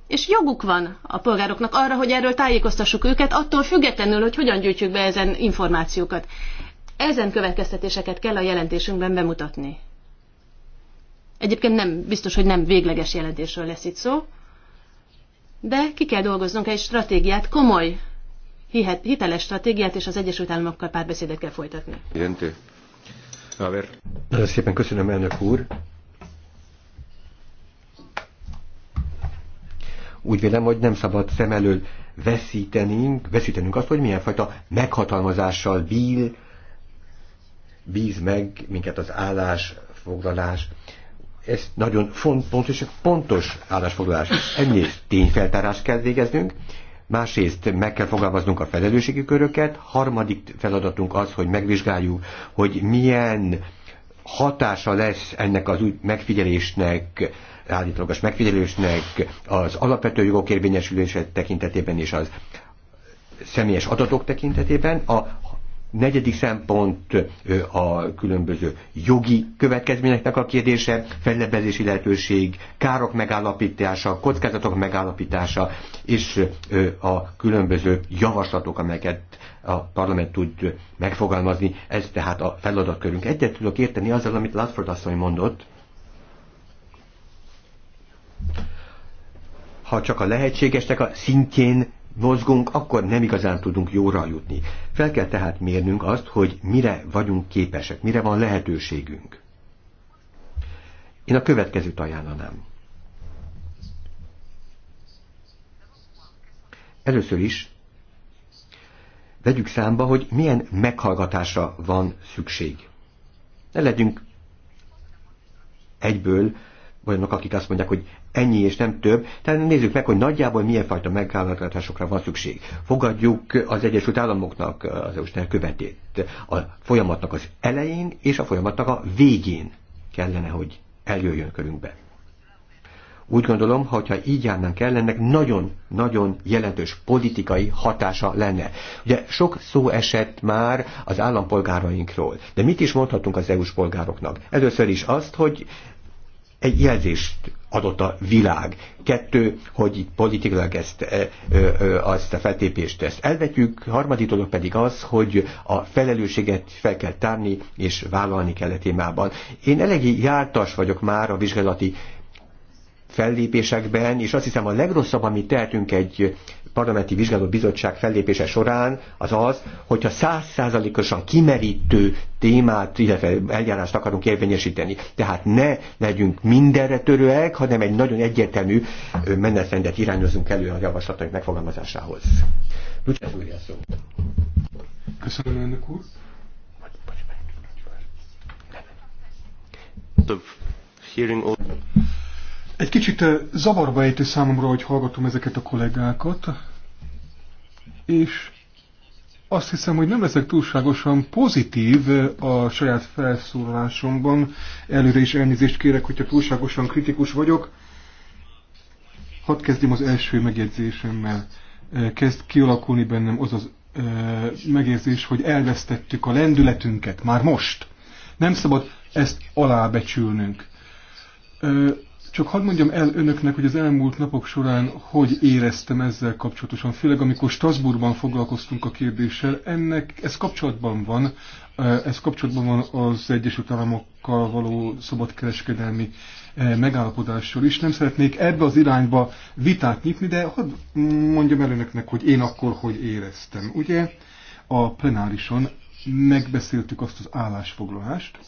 és joguk van a polgároknak arra, hogy erről tájékoztassuk őket, attól függetlenül, hogy hogyan gyűjtjük be ezen információkat. Ezen következtetéseket kell a jelentésünkben bemutatni. Egyébként nem biztos, hogy nem végleges jelentésről lesz itt szó, de ki kell dolgoznunk egy stratégiát, komoly, hiteles stratégiát, és az Egyesült Államokkal párbeszédet kell folytatni. Jelentő. Szépen köszönöm, elnök úr. Úgy vélem, hogy nem szabad szem elől veszítenünk, veszítenünk azt, hogy milyen fajta meghatalmazással bíl, bíz meg minket az állásfoglalás. Ez nagyon font, pontos, pontos állásfoglalás. Egyrészt tényfeltárást kell végeznünk, másrészt meg kell fogalmaznunk a felelősségi köröket, harmadik feladatunk az, hogy megvizsgáljuk, hogy milyen hatása lesz ennek az úgy megfigyelésnek állítólagos megfigyelésnek az alapvető jogok érvényesülése tekintetében és az személyes adatok tekintetében, a negyedik szempont a különböző jogi következményeknek a kérdése, fellebezési lehetőség, károk megállapítása, kockázatok megállapítása, és a különböző javaslatok, amelyeket a parlament tud megfogalmazni. Ez tehát a feladatkörünk. Egyet tudok érteni azzal, amit Latford asszony mondott, ha csak a lehetségesnek a szintjén mozgunk, akkor nem igazán tudunk jóra jutni. Fel kell tehát mérnünk azt, hogy mire vagyunk képesek, mire van lehetőségünk. Én a következőt ajánlanám. Először is vegyük számba, hogy milyen meghallgatásra van szükség. Ne legyünk egyből olyanok, akik azt mondják, hogy ennyi és nem több. Tehát nézzük meg, hogy nagyjából milyen fajta megállapodásokra van szükség. Fogadjuk az Egyesült Államoknak az eu követét a folyamatnak az elején és a folyamatnak a végén kellene, hogy eljöjjön körünkbe. Úgy gondolom, hogyha így járnánk el, ennek nagyon-nagyon jelentős politikai hatása lenne. Ugye sok szó esett már az állampolgárainkról, de mit is mondhatunk az EU-s polgároknak? Először is azt, hogy egy jelzést adott a világ. Kettő, hogy itt politikailag ezt, e, e, e, azt a feltépést ezt elvetjük, harmadik dolog pedig az, hogy a felelősséget fel kell tárni és vállalni kell a témában. Én eléggé jártas vagyok már a vizsgálati fellépésekben, és azt hiszem a legrosszabb, amit tehetünk egy parlamenti vizsgálóbizottság fellépése során, az az, hogyha százszázalékosan kimerítő témát, illetve eljárást akarunk érvényesíteni. Tehát ne legyünk mindenre törőek, hanem egy nagyon egyértelmű menetrendet irányozunk elő a javaslatok megfogalmazásához. Lucsász úr, Köszönöm, elnök úr. Hearing all... Egy kicsit zavarba ejtő számomra, hogy hallgatom ezeket a kollégákat, és azt hiszem, hogy nem leszek túlságosan pozitív a saját felszólalásomban. Előre is elnézést kérek, hogyha túlságosan kritikus vagyok. Hadd kezdjem az első megjegyzésemmel. Kezd kialakulni bennem az az megérzés, hogy elvesztettük a lendületünket már most. Nem szabad ezt alábecsülnünk. Csak hadd mondjam el önöknek, hogy az elmúlt napok során hogy éreztem ezzel kapcsolatosan, főleg amikor Strasbourgban foglalkoztunk a kérdéssel, ennek, ez kapcsolatban van, eh, ez kapcsolatban van az Egyesült Államokkal való szabadkereskedelmi eh, megállapodással is. Nem szeretnék ebbe az irányba vitát nyitni, de hadd mondjam el önöknek, hogy én akkor hogy éreztem. Ugye a plenárison megbeszéltük azt az állásfoglalást,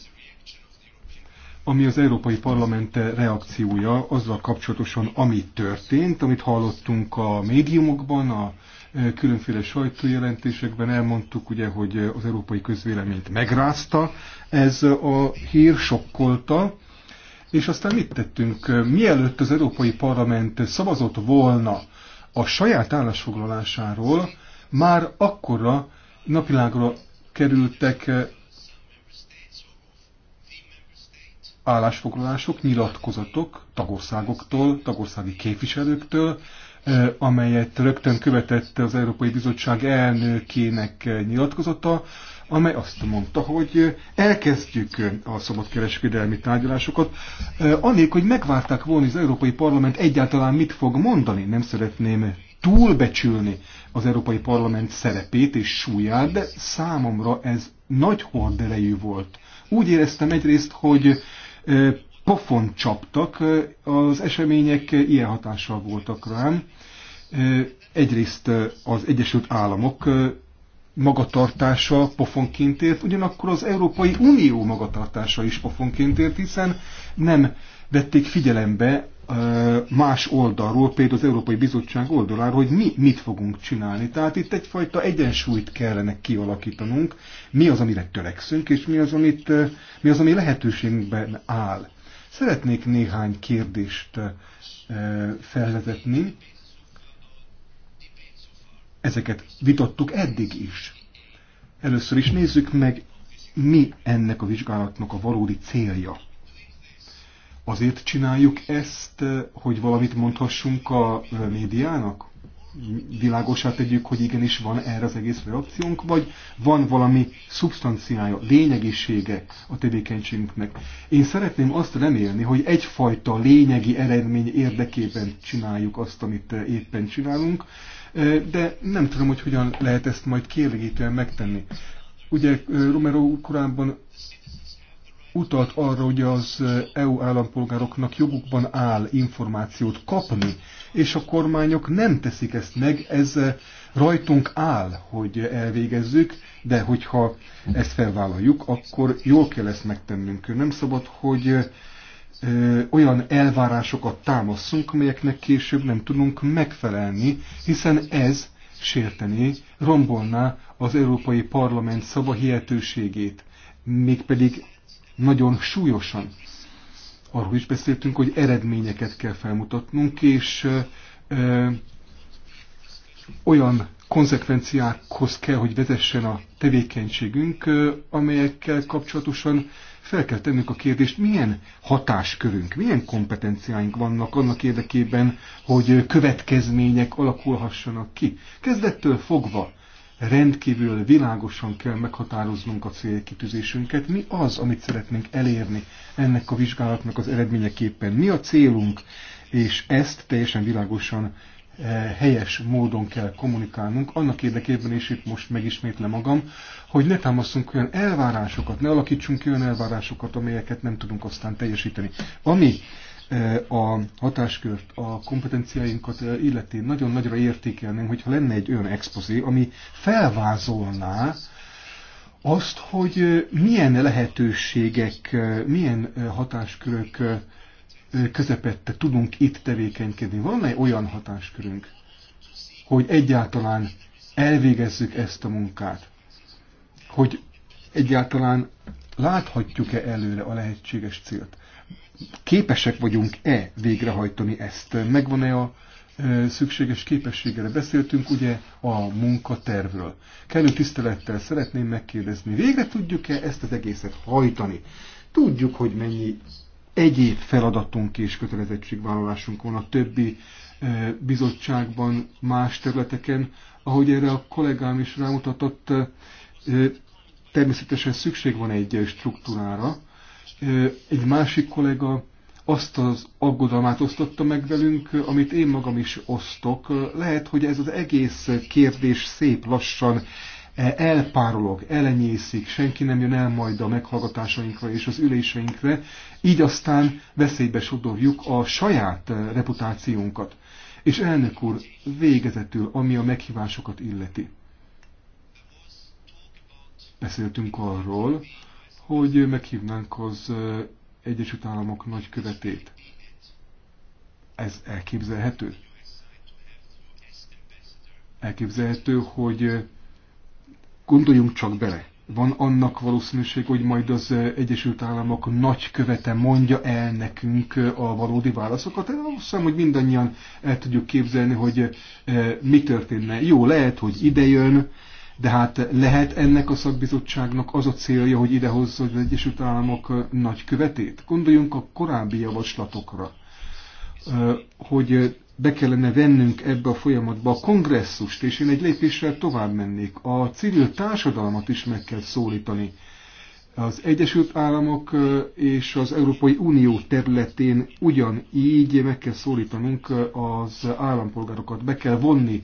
ami az Európai Parlament reakciója azzal kapcsolatosan, ami történt, amit hallottunk a médiumokban, a e, különféle sajtójelentésekben elmondtuk, ugye, hogy az európai közvéleményt megrázta, ez a hír sokkolta, és aztán mit tettünk? Mielőtt az Európai Parlament szavazott volna a saját állásfoglalásáról, már akkora napvilágra kerültek állásfoglalások, nyilatkozatok tagországoktól, tagországi képviselőktől, eh, amelyet rögtön követett az Európai Bizottság elnökének nyilatkozata, amely azt mondta, hogy elkezdjük a szabadkereskedelmi tárgyalásokat, eh, anélkül, hogy megvárták volna, hogy az Európai Parlament egyáltalán mit fog mondani. Nem szeretném túlbecsülni az Európai Parlament szerepét és súlyát, de számomra ez nagy horderejű volt. Úgy éreztem egyrészt, hogy pofont csaptak, az események ilyen hatással voltak rám. Egyrészt az Egyesült Államok magatartása pofonként ért, ugyanakkor az Európai Unió magatartása is pofonként ért, hiszen nem vették figyelembe más oldalról, például az Európai Bizottság oldaláról, hogy mi mit fogunk csinálni. Tehát itt egyfajta egyensúlyt kellene kialakítanunk, mi az, amire törekszünk, és mi az, amit, mi az ami lehetőségünkben áll. Szeretnék néhány kérdést felvezetni. Ezeket vitattuk eddig is. Először is nézzük meg, mi ennek a vizsgálatnak a valódi célja Azért csináljuk ezt, eh, hogy valamit mondhassunk a eh, médiának? Világosá tegyük, hogy igenis van erre az egész reakciónk, vagy van valami szubstanciája, lényegisége a tevékenységünknek. Én szeretném azt remélni, hogy egyfajta lényegi eredmény érdekében csináljuk azt, amit eh, éppen csinálunk, de nem tudom, hogy hogyan lehet ezt majd kérlegítően megtenni. Ugye Romero korábban utalt arra, hogy az eh, EU állampolgároknak jogukban áll információt kapni, és a kormányok nem teszik ezt meg, ez eh, rajtunk áll, hogy elvégezzük, de hogyha ezt felvállaljuk, akkor jól kell ezt megtennünk. Nem szabad, hogy eh, olyan elvárásokat támaszunk, amelyeknek később nem tudunk megfelelni, hiszen ez sértené, rombolná az Európai Parlament szava hihetőségét, mégpedig nagyon súlyosan. Arról is beszéltünk, hogy eredményeket kell felmutatnunk, és ö, olyan konzekvenciákhoz kell, hogy vezessen a tevékenységünk, ö, amelyekkel kapcsolatosan fel kell tennünk a kérdést, milyen hatáskörünk, milyen kompetenciáink vannak annak érdekében, hogy következmények alakulhassanak ki. Kezdettől fogva rendkívül világosan kell meghatároznunk a célkitűzésünket. Mi az, amit szeretnénk elérni ennek a vizsgálatnak az eredményeképpen? Mi a célunk? És ezt teljesen világosan eh, helyes módon kell kommunikálnunk, annak érdekében, és itt most megismétlem magam, hogy ne támaszunk olyan elvárásokat, ne alakítsunk olyan elvárásokat, amelyeket nem tudunk aztán teljesíteni. Ami Eh, a hatáskört, a kompetenciáinkat eh, illeti nagyon nagyra értékelném, hogyha lenne egy olyan expozé, ami felvázolná azt, hogy eh, milyen lehetőségek, milyen hatáskörök közepette tudunk itt tevékenykedni. Van-e olyan hatáskörünk, hogy egyáltalán elvégezzük ezt a munkát? Hogy egyáltalán láthatjuk-e előre a lehetséges célt? képesek vagyunk-e végrehajtani ezt? Megvan-e a e, szükséges képességre beszéltünk, ugye a munkatervről. Kellő tisztelettel szeretném megkérdezni, végre tudjuk-e ezt az egészet hajtani? Tudjuk, hogy mennyi egyéb feladatunk és kötelezettségvállalásunk van a többi e, bizottságban, más területeken, ahogy erre a kollégám is rámutatott, e, természetesen szükség van egy struktúrára, egy másik kollega azt az aggodalmát osztotta meg velünk, amit én magam is osztok. Lehet, hogy ez az egész kérdés szép lassan e, elpárolog, elenyészik, senki nem jön el majd a meghallgatásainkra és az üléseinkre, így aztán veszélybe sodorjuk a saját e, reputációnkat. És elnök úr, végezetül, ami a meghívásokat illeti. Beszéltünk arról, hogy meghívnánk az Egyesült Államok nagykövetét. Ez elképzelhető? Elképzelhető, hogy gondoljunk csak bele. Van annak valószínűség, hogy majd az Egyesült Államok nagykövete mondja el nekünk a valódi válaszokat? Én azt hiszem, hogy mindannyian el tudjuk képzelni, hogy mi történne. Jó, lehet, hogy idejön, de hát lehet ennek a szakbizottságnak az a célja, hogy idehozza az Egyesült Államok nagykövetét? Gondoljunk a korábbi javaslatokra, hogy be kellene vennünk ebbe a folyamatba a kongresszust, és én egy lépéssel tovább mennék. A civil társadalmat is meg kell szólítani. Az Egyesült Államok és az Európai Unió területén ugyanígy meg kell szólítanunk az állampolgárokat, be kell vonni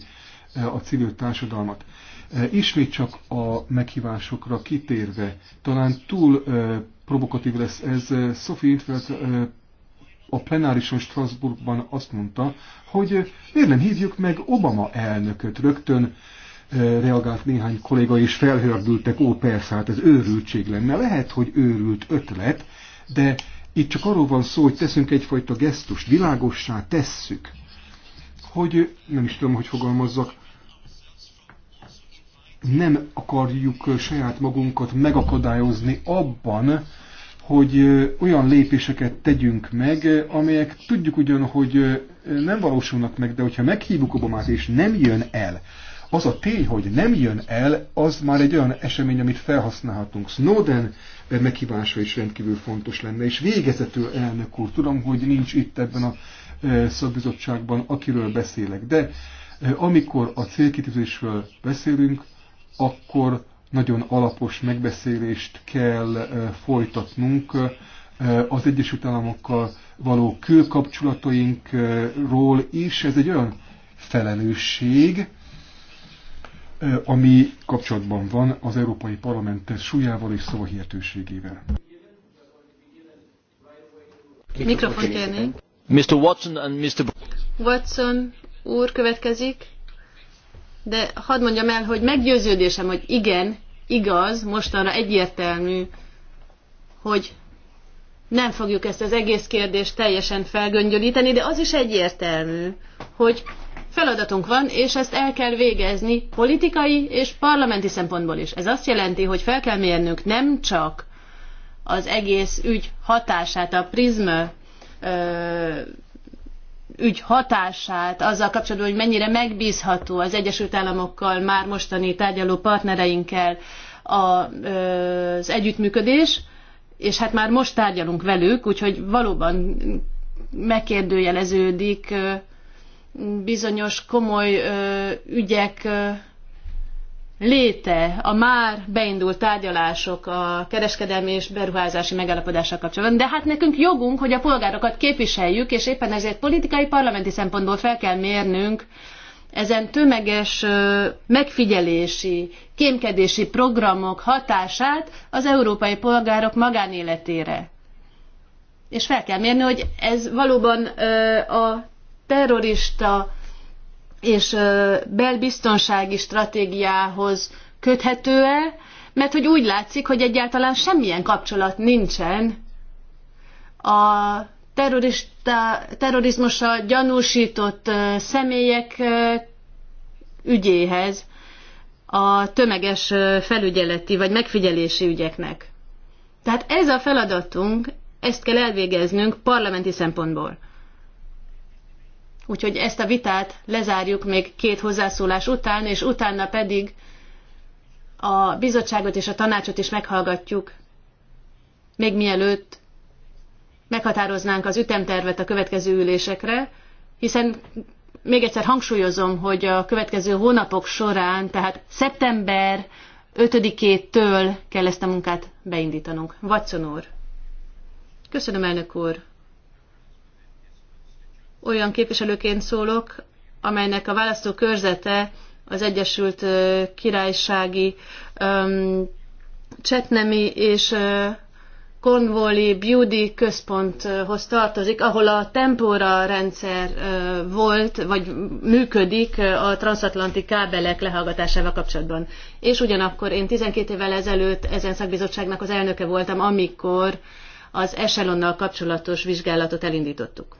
a civil társadalmat. E, ismét csak a meghívásokra kitérve, talán túl e, provokatív lesz ez. E, Sophie Intvert a plenárison Strasbourgban azt mondta, hogy miért nem hívjuk meg Obama elnököt rögtön, reagált néhány kolléga, és felhördültek, ó persze, hát ez őrültség lenne. Lehet, hogy őrült ötlet, de itt csak arról van szó, hogy teszünk egyfajta gesztust, világossá tesszük, hogy nem is tudom, hogy fogalmazzak, nem akarjuk saját magunkat megakadályozni abban, hogy olyan lépéseket tegyünk meg, amelyek tudjuk ugyan, hogy nem valósulnak meg, de hogyha meghívjuk Obamát és nem jön el, az a tény, hogy nem jön el, az már egy olyan esemény, amit felhasználhatunk. Snowden meghívása is rendkívül fontos lenne, és végezetül elnök úr, tudom, hogy nincs itt ebben a szakbizottságban, akiről beszélek, de amikor a célkitűzésről beszélünk, akkor nagyon alapos megbeszélést kell folytatnunk az Egyesült Államokkal való külkapcsolatainkról is. Ez egy olyan felelősség, ami kapcsolatban van az Európai Parlament súlyával és szavahihetőségével. Mikrofon kérnénk. Mr. Watson and Mr. Watson úr következik de hadd mondjam el, hogy meggyőződésem, hogy igen, igaz, mostanra egyértelmű, hogy nem fogjuk ezt az egész kérdést teljesen felgöngyölíteni, de az is egyértelmű, hogy feladatunk van, és ezt el kell végezni politikai és parlamenti szempontból is. Ez azt jelenti, hogy fel kell mérnünk nem csak az egész ügy hatását a prizma ügy hatását azzal kapcsolatban, hogy mennyire megbízható az Egyesült Államokkal, már mostani tárgyaló partnereinkkel az együttműködés, és hát már most tárgyalunk velük, úgyhogy valóban megkérdőjeleződik bizonyos komoly ügyek léte a már beindult tárgyalások a kereskedelmi és beruházási megállapodással kapcsolatban, de hát nekünk jogunk, hogy a polgárokat képviseljük, és éppen ezért politikai parlamenti szempontból fel kell mérnünk ezen tömeges megfigyelési, kémkedési programok hatását az európai polgárok magánéletére. És fel kell mérni, hogy ez valóban a terrorista és belbiztonsági stratégiához köthető-e, mert hogy úgy látszik, hogy egyáltalán semmilyen kapcsolat nincsen a terrorista, terrorizmussal gyanúsított személyek ügyéhez a tömeges felügyeleti vagy megfigyelési ügyeknek. Tehát ez a feladatunk, ezt kell elvégeznünk parlamenti szempontból. Úgyhogy ezt a vitát lezárjuk még két hozzászólás után, és utána pedig a bizottságot és a tanácsot is meghallgatjuk, még mielőtt meghatároznánk az ütemtervet a következő ülésekre, hiszen még egyszer hangsúlyozom, hogy a következő hónapok során, tehát szeptember 5-től kell ezt a munkát beindítanunk. Watson úr. Köszönöm, elnök úr olyan képviselőként szólok, amelynek a választó körzete az Egyesült Királysági um, Csetnemi és uh, Cornwalli Beauty központhoz tartozik, ahol a Tempora rendszer volt, vagy működik a transatlanti kábelek lehallgatásával kapcsolatban. És ugyanakkor én 12 évvel ezelőtt ezen szakbizottságnak az elnöke voltam, amikor az Echelonnal kapcsolatos vizsgálatot elindítottuk.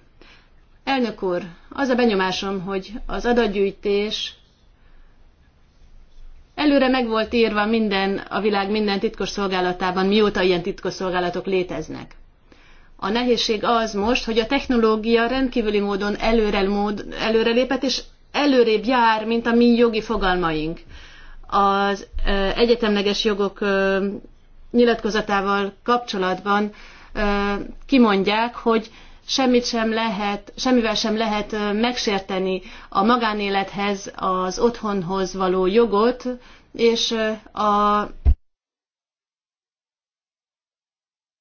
Elnök úr, az a benyomásom, hogy az adatgyűjtés előre meg volt írva minden, a világ minden titkos szolgálatában, mióta ilyen titkos szolgálatok léteznek. A nehézség az most, hogy a technológia rendkívüli módon előre, mód, előrelépett, és előrébb jár, mint a mi jogi fogalmaink. Az egyetemleges jogok nyilatkozatával kapcsolatban kimondják, hogy semmit sem lehet, semmivel sem lehet megsérteni a magánélethez, az otthonhoz való jogot, és a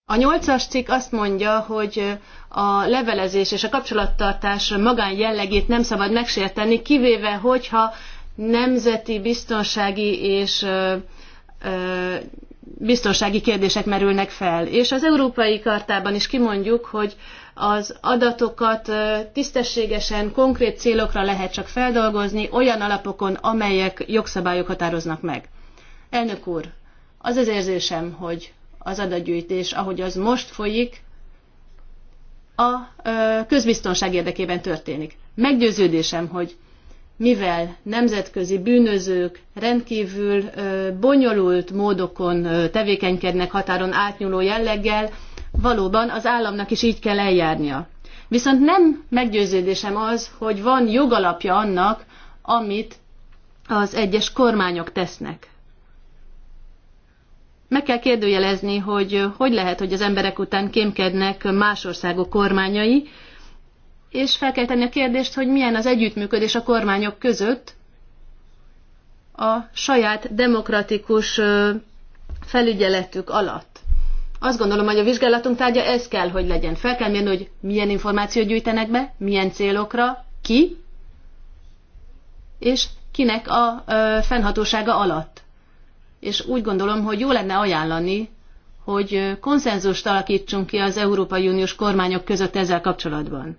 a nyolcas cikk azt mondja, hogy a levelezés és a kapcsolattartás magán jellegét nem szabad megsérteni, kivéve, hogyha nemzeti biztonsági és ö, ö, biztonsági kérdések merülnek fel. És az Európai Kartában is kimondjuk, hogy az adatokat tisztességesen, konkrét célokra lehet csak feldolgozni, olyan alapokon, amelyek jogszabályok határoznak meg. Elnök úr, az az érzésem, hogy az adatgyűjtés, ahogy az most folyik, a közbiztonság érdekében történik. Meggyőződésem, hogy mivel nemzetközi bűnözők rendkívül bonyolult módokon tevékenykednek határon átnyúló jelleggel, valóban az államnak is így kell eljárnia. Viszont nem meggyőződésem az, hogy van jogalapja annak, amit az egyes kormányok tesznek. Meg kell kérdőjelezni, hogy hogy lehet, hogy az emberek után kémkednek más országok kormányai, és fel kell tenni a kérdést, hogy milyen az együttműködés a kormányok között a saját demokratikus felügyeletük alatt. Azt gondolom, hogy a vizsgálatunk tárgya ez kell, hogy legyen. Fel kell mérni, hogy milyen információt gyűjtenek be, milyen célokra, ki, és kinek a ö, fennhatósága alatt. És úgy gondolom, hogy jó lenne ajánlani, hogy konszenzust alakítsunk ki az Európai Uniós kormányok között ezzel kapcsolatban.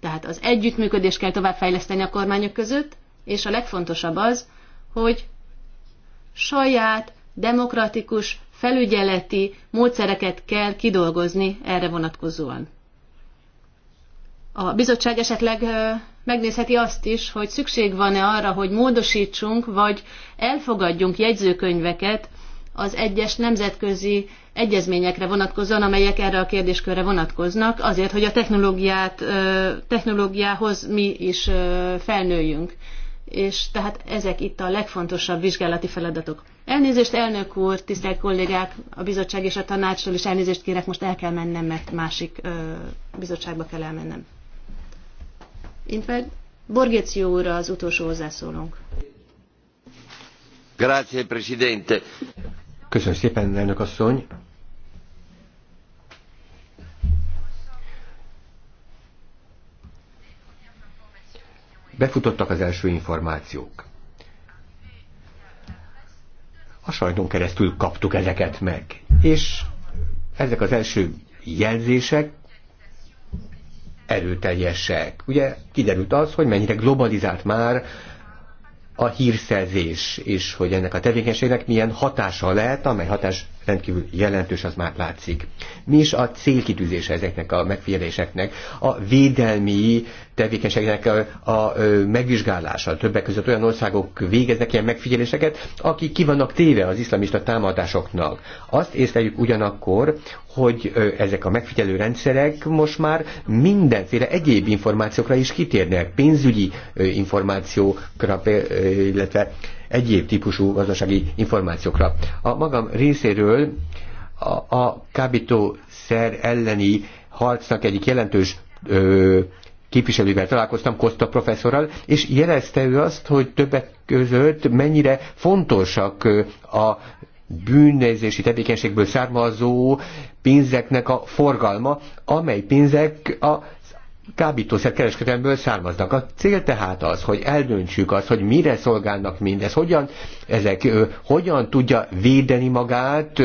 Tehát az együttműködést kell továbbfejleszteni a kormányok között, és a legfontosabb az, hogy saját demokratikus felügyeleti módszereket kell kidolgozni erre vonatkozóan. A bizottság esetleg megnézheti azt is, hogy szükség van-e arra, hogy módosítsunk, vagy elfogadjunk jegyzőkönyveket az egyes nemzetközi egyezményekre vonatkozóan, amelyek erre a kérdéskörre vonatkoznak, azért, hogy a technológiát, technológiához mi is felnőjünk és tehát ezek itt a legfontosabb vizsgálati feladatok. Elnézést, elnök úr, tisztelt kollégák, a bizottság és a tanácstól is elnézést kérek, most el kell mennem, mert másik ö, bizottságba kell elmennem. Infeld, Borgéció úr az utolsó hozzászólónk. Grazie, Presidente. Köszönöm szépen, elnök asszony. befutottak az első információk. A sajton keresztül kaptuk ezeket meg, és ezek az első jelzések erőteljesek. Ugye kiderült az, hogy mennyire globalizált már a hírszerzés, és hogy ennek a tevékenységnek milyen hatása lehet, amely hatás rendkívül jelentős, az már látszik. Mi is a célkitűzése ezeknek a megfigyeléseknek? A védelmi tevékenységnek a, a megvizsgálása. Többek között olyan országok végeznek ilyen megfigyeléseket, akik ki vannak téve az iszlamista támadásoknak. Azt észleljük ugyanakkor, hogy ezek a megfigyelő rendszerek most már mindenféle egyéb információkra is kitérnek, pénzügyi információkra, illetve egyéb típusú gazdasági információkra. A magam részéről a, a kábítószer elleni harcnak egyik jelentős ö, képviselővel találkoztam, Kosta professzorral, és jelezte ő azt, hogy többek között mennyire fontosak a bűnözési tevékenységből származó pénzeknek a forgalma, amely pénzek a kábítószer kereskedelmből származnak. A cél tehát az, hogy eldöntsük azt, hogy mire szolgálnak mindez, hogyan ezek, hogyan tudja védeni magát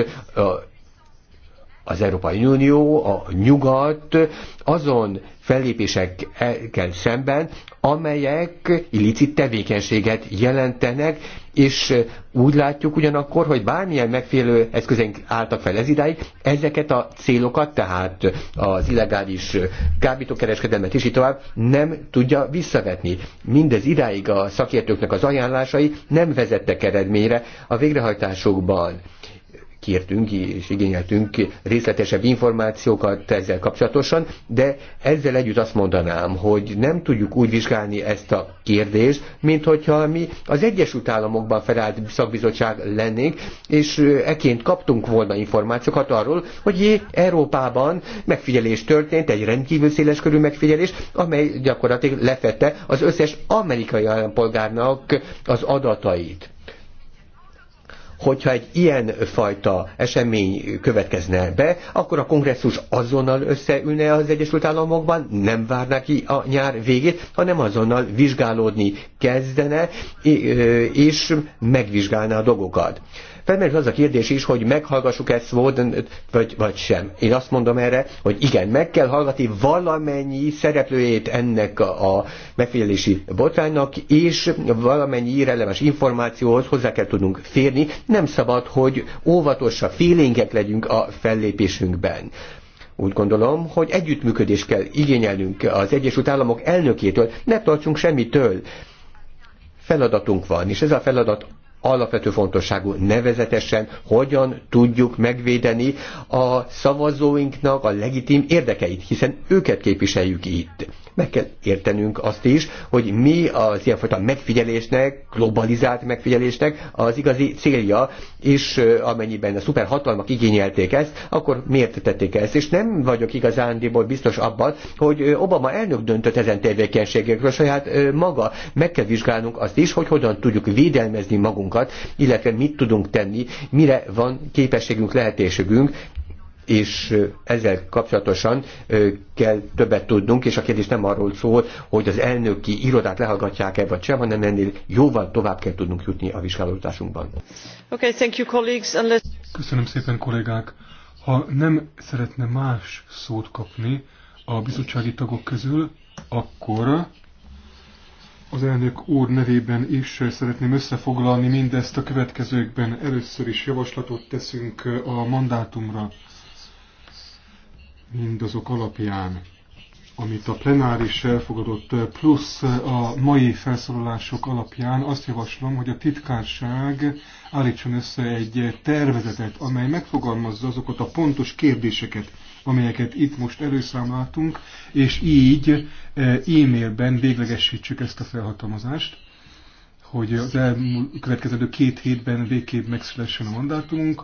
az Európai Unió, a nyugat azon fellépésekkel szemben, amelyek illicit tevékenységet jelentenek, és úgy látjuk ugyanakkor, hogy bármilyen megfélő eszközénk álltak fel ez idáig, ezeket a célokat, tehát az illegális kábítókereskedelmet is így tovább nem tudja visszavetni. Mindez idáig a szakértőknek az ajánlásai nem vezettek eredményre a végrehajtásokban kértünk és igényeltünk részletesebb információkat ezzel kapcsolatosan, de ezzel együtt azt mondanám, hogy nem tudjuk úgy vizsgálni ezt a kérdést, mint hogyha mi az Egyesült Államokban felállt szakbizottság lennénk, és eként kaptunk volna információkat arról, hogy jé, Európában megfigyelés történt, egy rendkívül széles körű megfigyelés, amely gyakorlatilag lefette az összes amerikai állampolgárnak az adatait hogyha egy ilyen fajta esemény következne be, akkor a kongresszus azonnal összeülne az Egyesült Államokban, nem várná ki a nyár végét, hanem azonnal vizsgálódni kezdene, és megvizsgálná a dolgokat. Felmerül az a kérdés is, hogy meghallgassuk ezt Snowden, vagy, vagy sem. Én azt mondom erre, hogy igen, meg kell hallgatni valamennyi szereplőjét ennek a, a megfigyelési botránynak, és valamennyi releváns információhoz hozzá kell tudnunk férni. Nem szabad, hogy óvatosak, félénkek legyünk a fellépésünkben. Úgy gondolom, hogy együttműködést kell igényelnünk az Egyesült Államok elnökétől, ne tartsunk semmitől feladatunk van, és ez a feladat alapvető fontosságú nevezetesen, hogyan tudjuk megvédeni a szavazóinknak a legitim érdekeit, hiszen őket képviseljük itt. Meg kell értenünk azt is, hogy mi az ilyenfajta megfigyelésnek, globalizált megfigyelésnek az igazi célja, és amennyiben a szuperhatalmak igényelték ezt, akkor miért tették ezt? És nem vagyok igazándiból biztos abban, hogy Obama elnök döntött ezen tevékenységekről saját maga. Meg kell vizsgálnunk azt is, hogy hogyan tudjuk védelmezni magunkat magunkat, illetve mit tudunk tenni, mire van képességünk, lehetőségünk, és ezzel kapcsolatosan kell többet tudnunk, és a kérdés nem arról szól, hogy az elnöki irodát lehallgatják-e vagy sem, hanem ennél jóval tovább kell tudnunk jutni a vizsgálódásunkban. Okay, thank you, colleagues. Unless... Köszönöm szépen, kollégák. Ha nem szeretne más szót kapni a bizottsági tagok közül, akkor az elnök úr nevében is szeretném összefoglalni mindezt a következőkben. Először is javaslatot teszünk a mandátumra, mindazok alapján, amit a plenáris elfogadott, plusz a mai felszólalások alapján azt javaslom, hogy a titkárság állítson össze egy tervezetet, amely megfogalmazza azokat a pontos kérdéseket, amelyeket itt most előszámláltunk, és így e, e-mailben véglegesítsük ezt a felhatalmazást, hogy az elkövetkező két hétben végképp megszülessen a mandátumunk,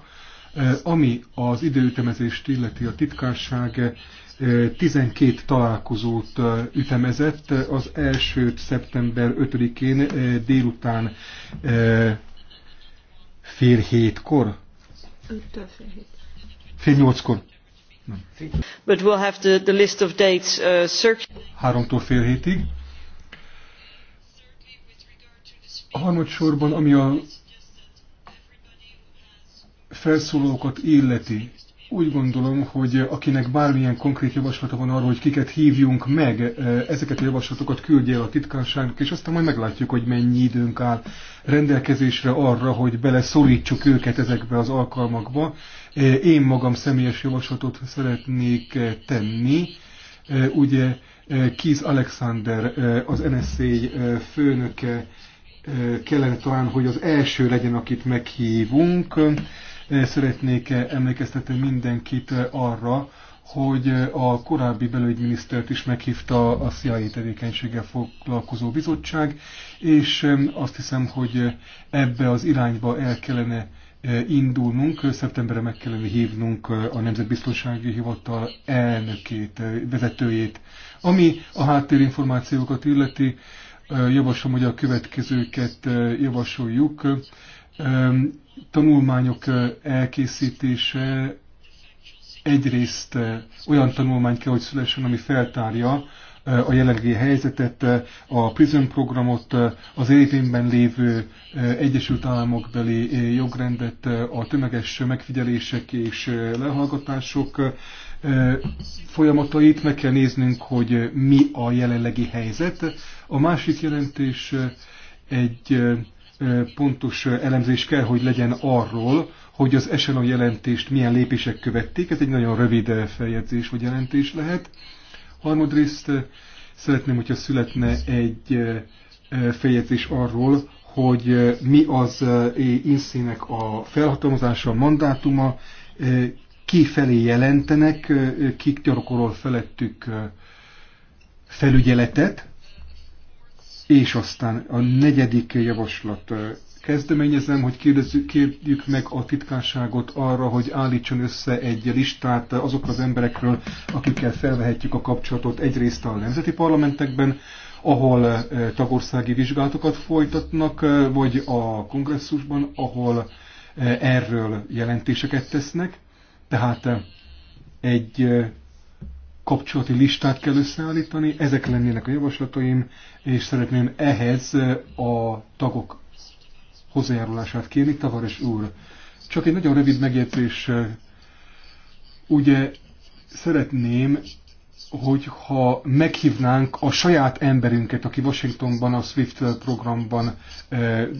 e, ami az időütemezést illeti a titkárság 12 e, találkozót ütemezett, az első szeptember 5-én délután fél hétkor? Öttől fél hét. Fél nyolckor. But we'll have the, the list of dates uh, Háromtól fél hétig. A harmadsorban, ami a felszólókat illeti, úgy gondolom, hogy akinek bármilyen konkrét javaslata van arról, hogy kiket hívjunk meg, eh, ezeket a javaslatokat küldje el a titkárságnak, és aztán majd meglátjuk, hogy mennyi időnk áll rendelkezésre arra, hogy beleszorítsuk őket ezekbe az alkalmakba. Eh, én magam személyes javaslatot szeretnék eh, tenni. Ugye Kiz Alexander, az NSZ főnöke kellene talán, hogy az első legyen, akit meghívunk. Szeretnék emlékeztetni mindenkit arra, hogy a korábbi belügyminisztert is meghívta a CIA tevékenységgel foglalkozó bizottság, és azt hiszem, hogy ebbe az irányba el kellene e, indulnunk, szeptemberre meg kellene hívnunk a Nemzetbiztonsági Hivatal elnökét, vezetőjét. Ami a háttérinformációkat illeti, e, javaslom, hogy a következőket e, javasoljuk tanulmányok elkészítése egyrészt olyan tanulmány kell, hogy szülessen, ami feltárja a jelenlegi helyzetet, a PRISM programot, az événben lévő Egyesült Államokbeli jogrendet, a tömeges megfigyelések és lehallgatások folyamatait, meg kell néznünk, hogy mi a jelenlegi helyzet. A másik jelentés egy pontos elemzés kell, hogy legyen arról, hogy az Echelon jelentést milyen lépések követték. Ez egy nagyon rövid feljegyzés vagy jelentés lehet. Harmadrészt szeretném, hogyha születne egy feljegyzés arról, hogy mi az inszének a felhatalmazása, a mandátuma, ki felé jelentenek, kik gyakorol felettük felügyeletet, és aztán a negyedik javaslat. Kezdeményezem, hogy kérdezzük, kérjük meg a titkárságot arra, hogy állítson össze egy listát azok az emberekről, akikkel felvehetjük a kapcsolatot egyrészt a nemzeti parlamentekben, ahol tagországi vizsgálatokat folytatnak, vagy a kongresszusban, ahol erről jelentéseket tesznek. Tehát egy kapcsolati listát kell összeállítani. Ezek lennének a javaslataim, és szeretném ehhez a tagok hozzájárulását kérni. Tavares úr, csak egy nagyon rövid megjegyzés. Ugye szeretném, hogyha meghívnánk a saját emberünket, aki Washingtonban a SWIFT programban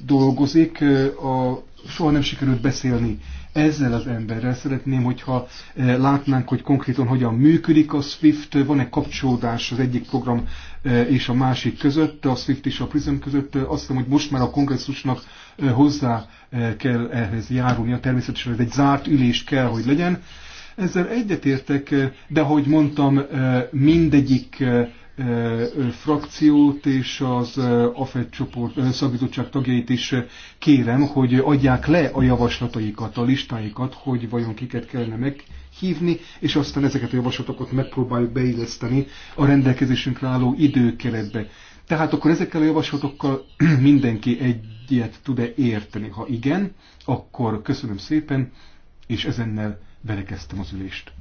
dolgozik, a soha nem sikerült beszélni ezzel az emberrel. Szeretném, hogyha eh, látnánk, hogy konkrétan hogyan működik a SWIFT, van-e kapcsolódás az egyik program eh, és a másik között, a SWIFT és a PRISM között. Azt hiszem, hogy most már a kongresszusnak eh, hozzá kell ehhez járulnia. Természetesen ez egy zárt ülés kell, hogy legyen. Ezzel egyetértek, de ahogy mondtam, mindegyik frakciót és az AFED csoport szabítottság tagjait is kérem, hogy adják le a javaslataikat, a listáikat, hogy vajon kiket kellene meghívni, és aztán ezeket a javaslatokat megpróbáljuk beilleszteni a rendelkezésünkre álló időkeretbe. Tehát akkor ezekkel a javaslatokkal mindenki egyet tud-e érteni? Ha igen, akkor köszönöm szépen, és ezennel belekezdtem az ülést.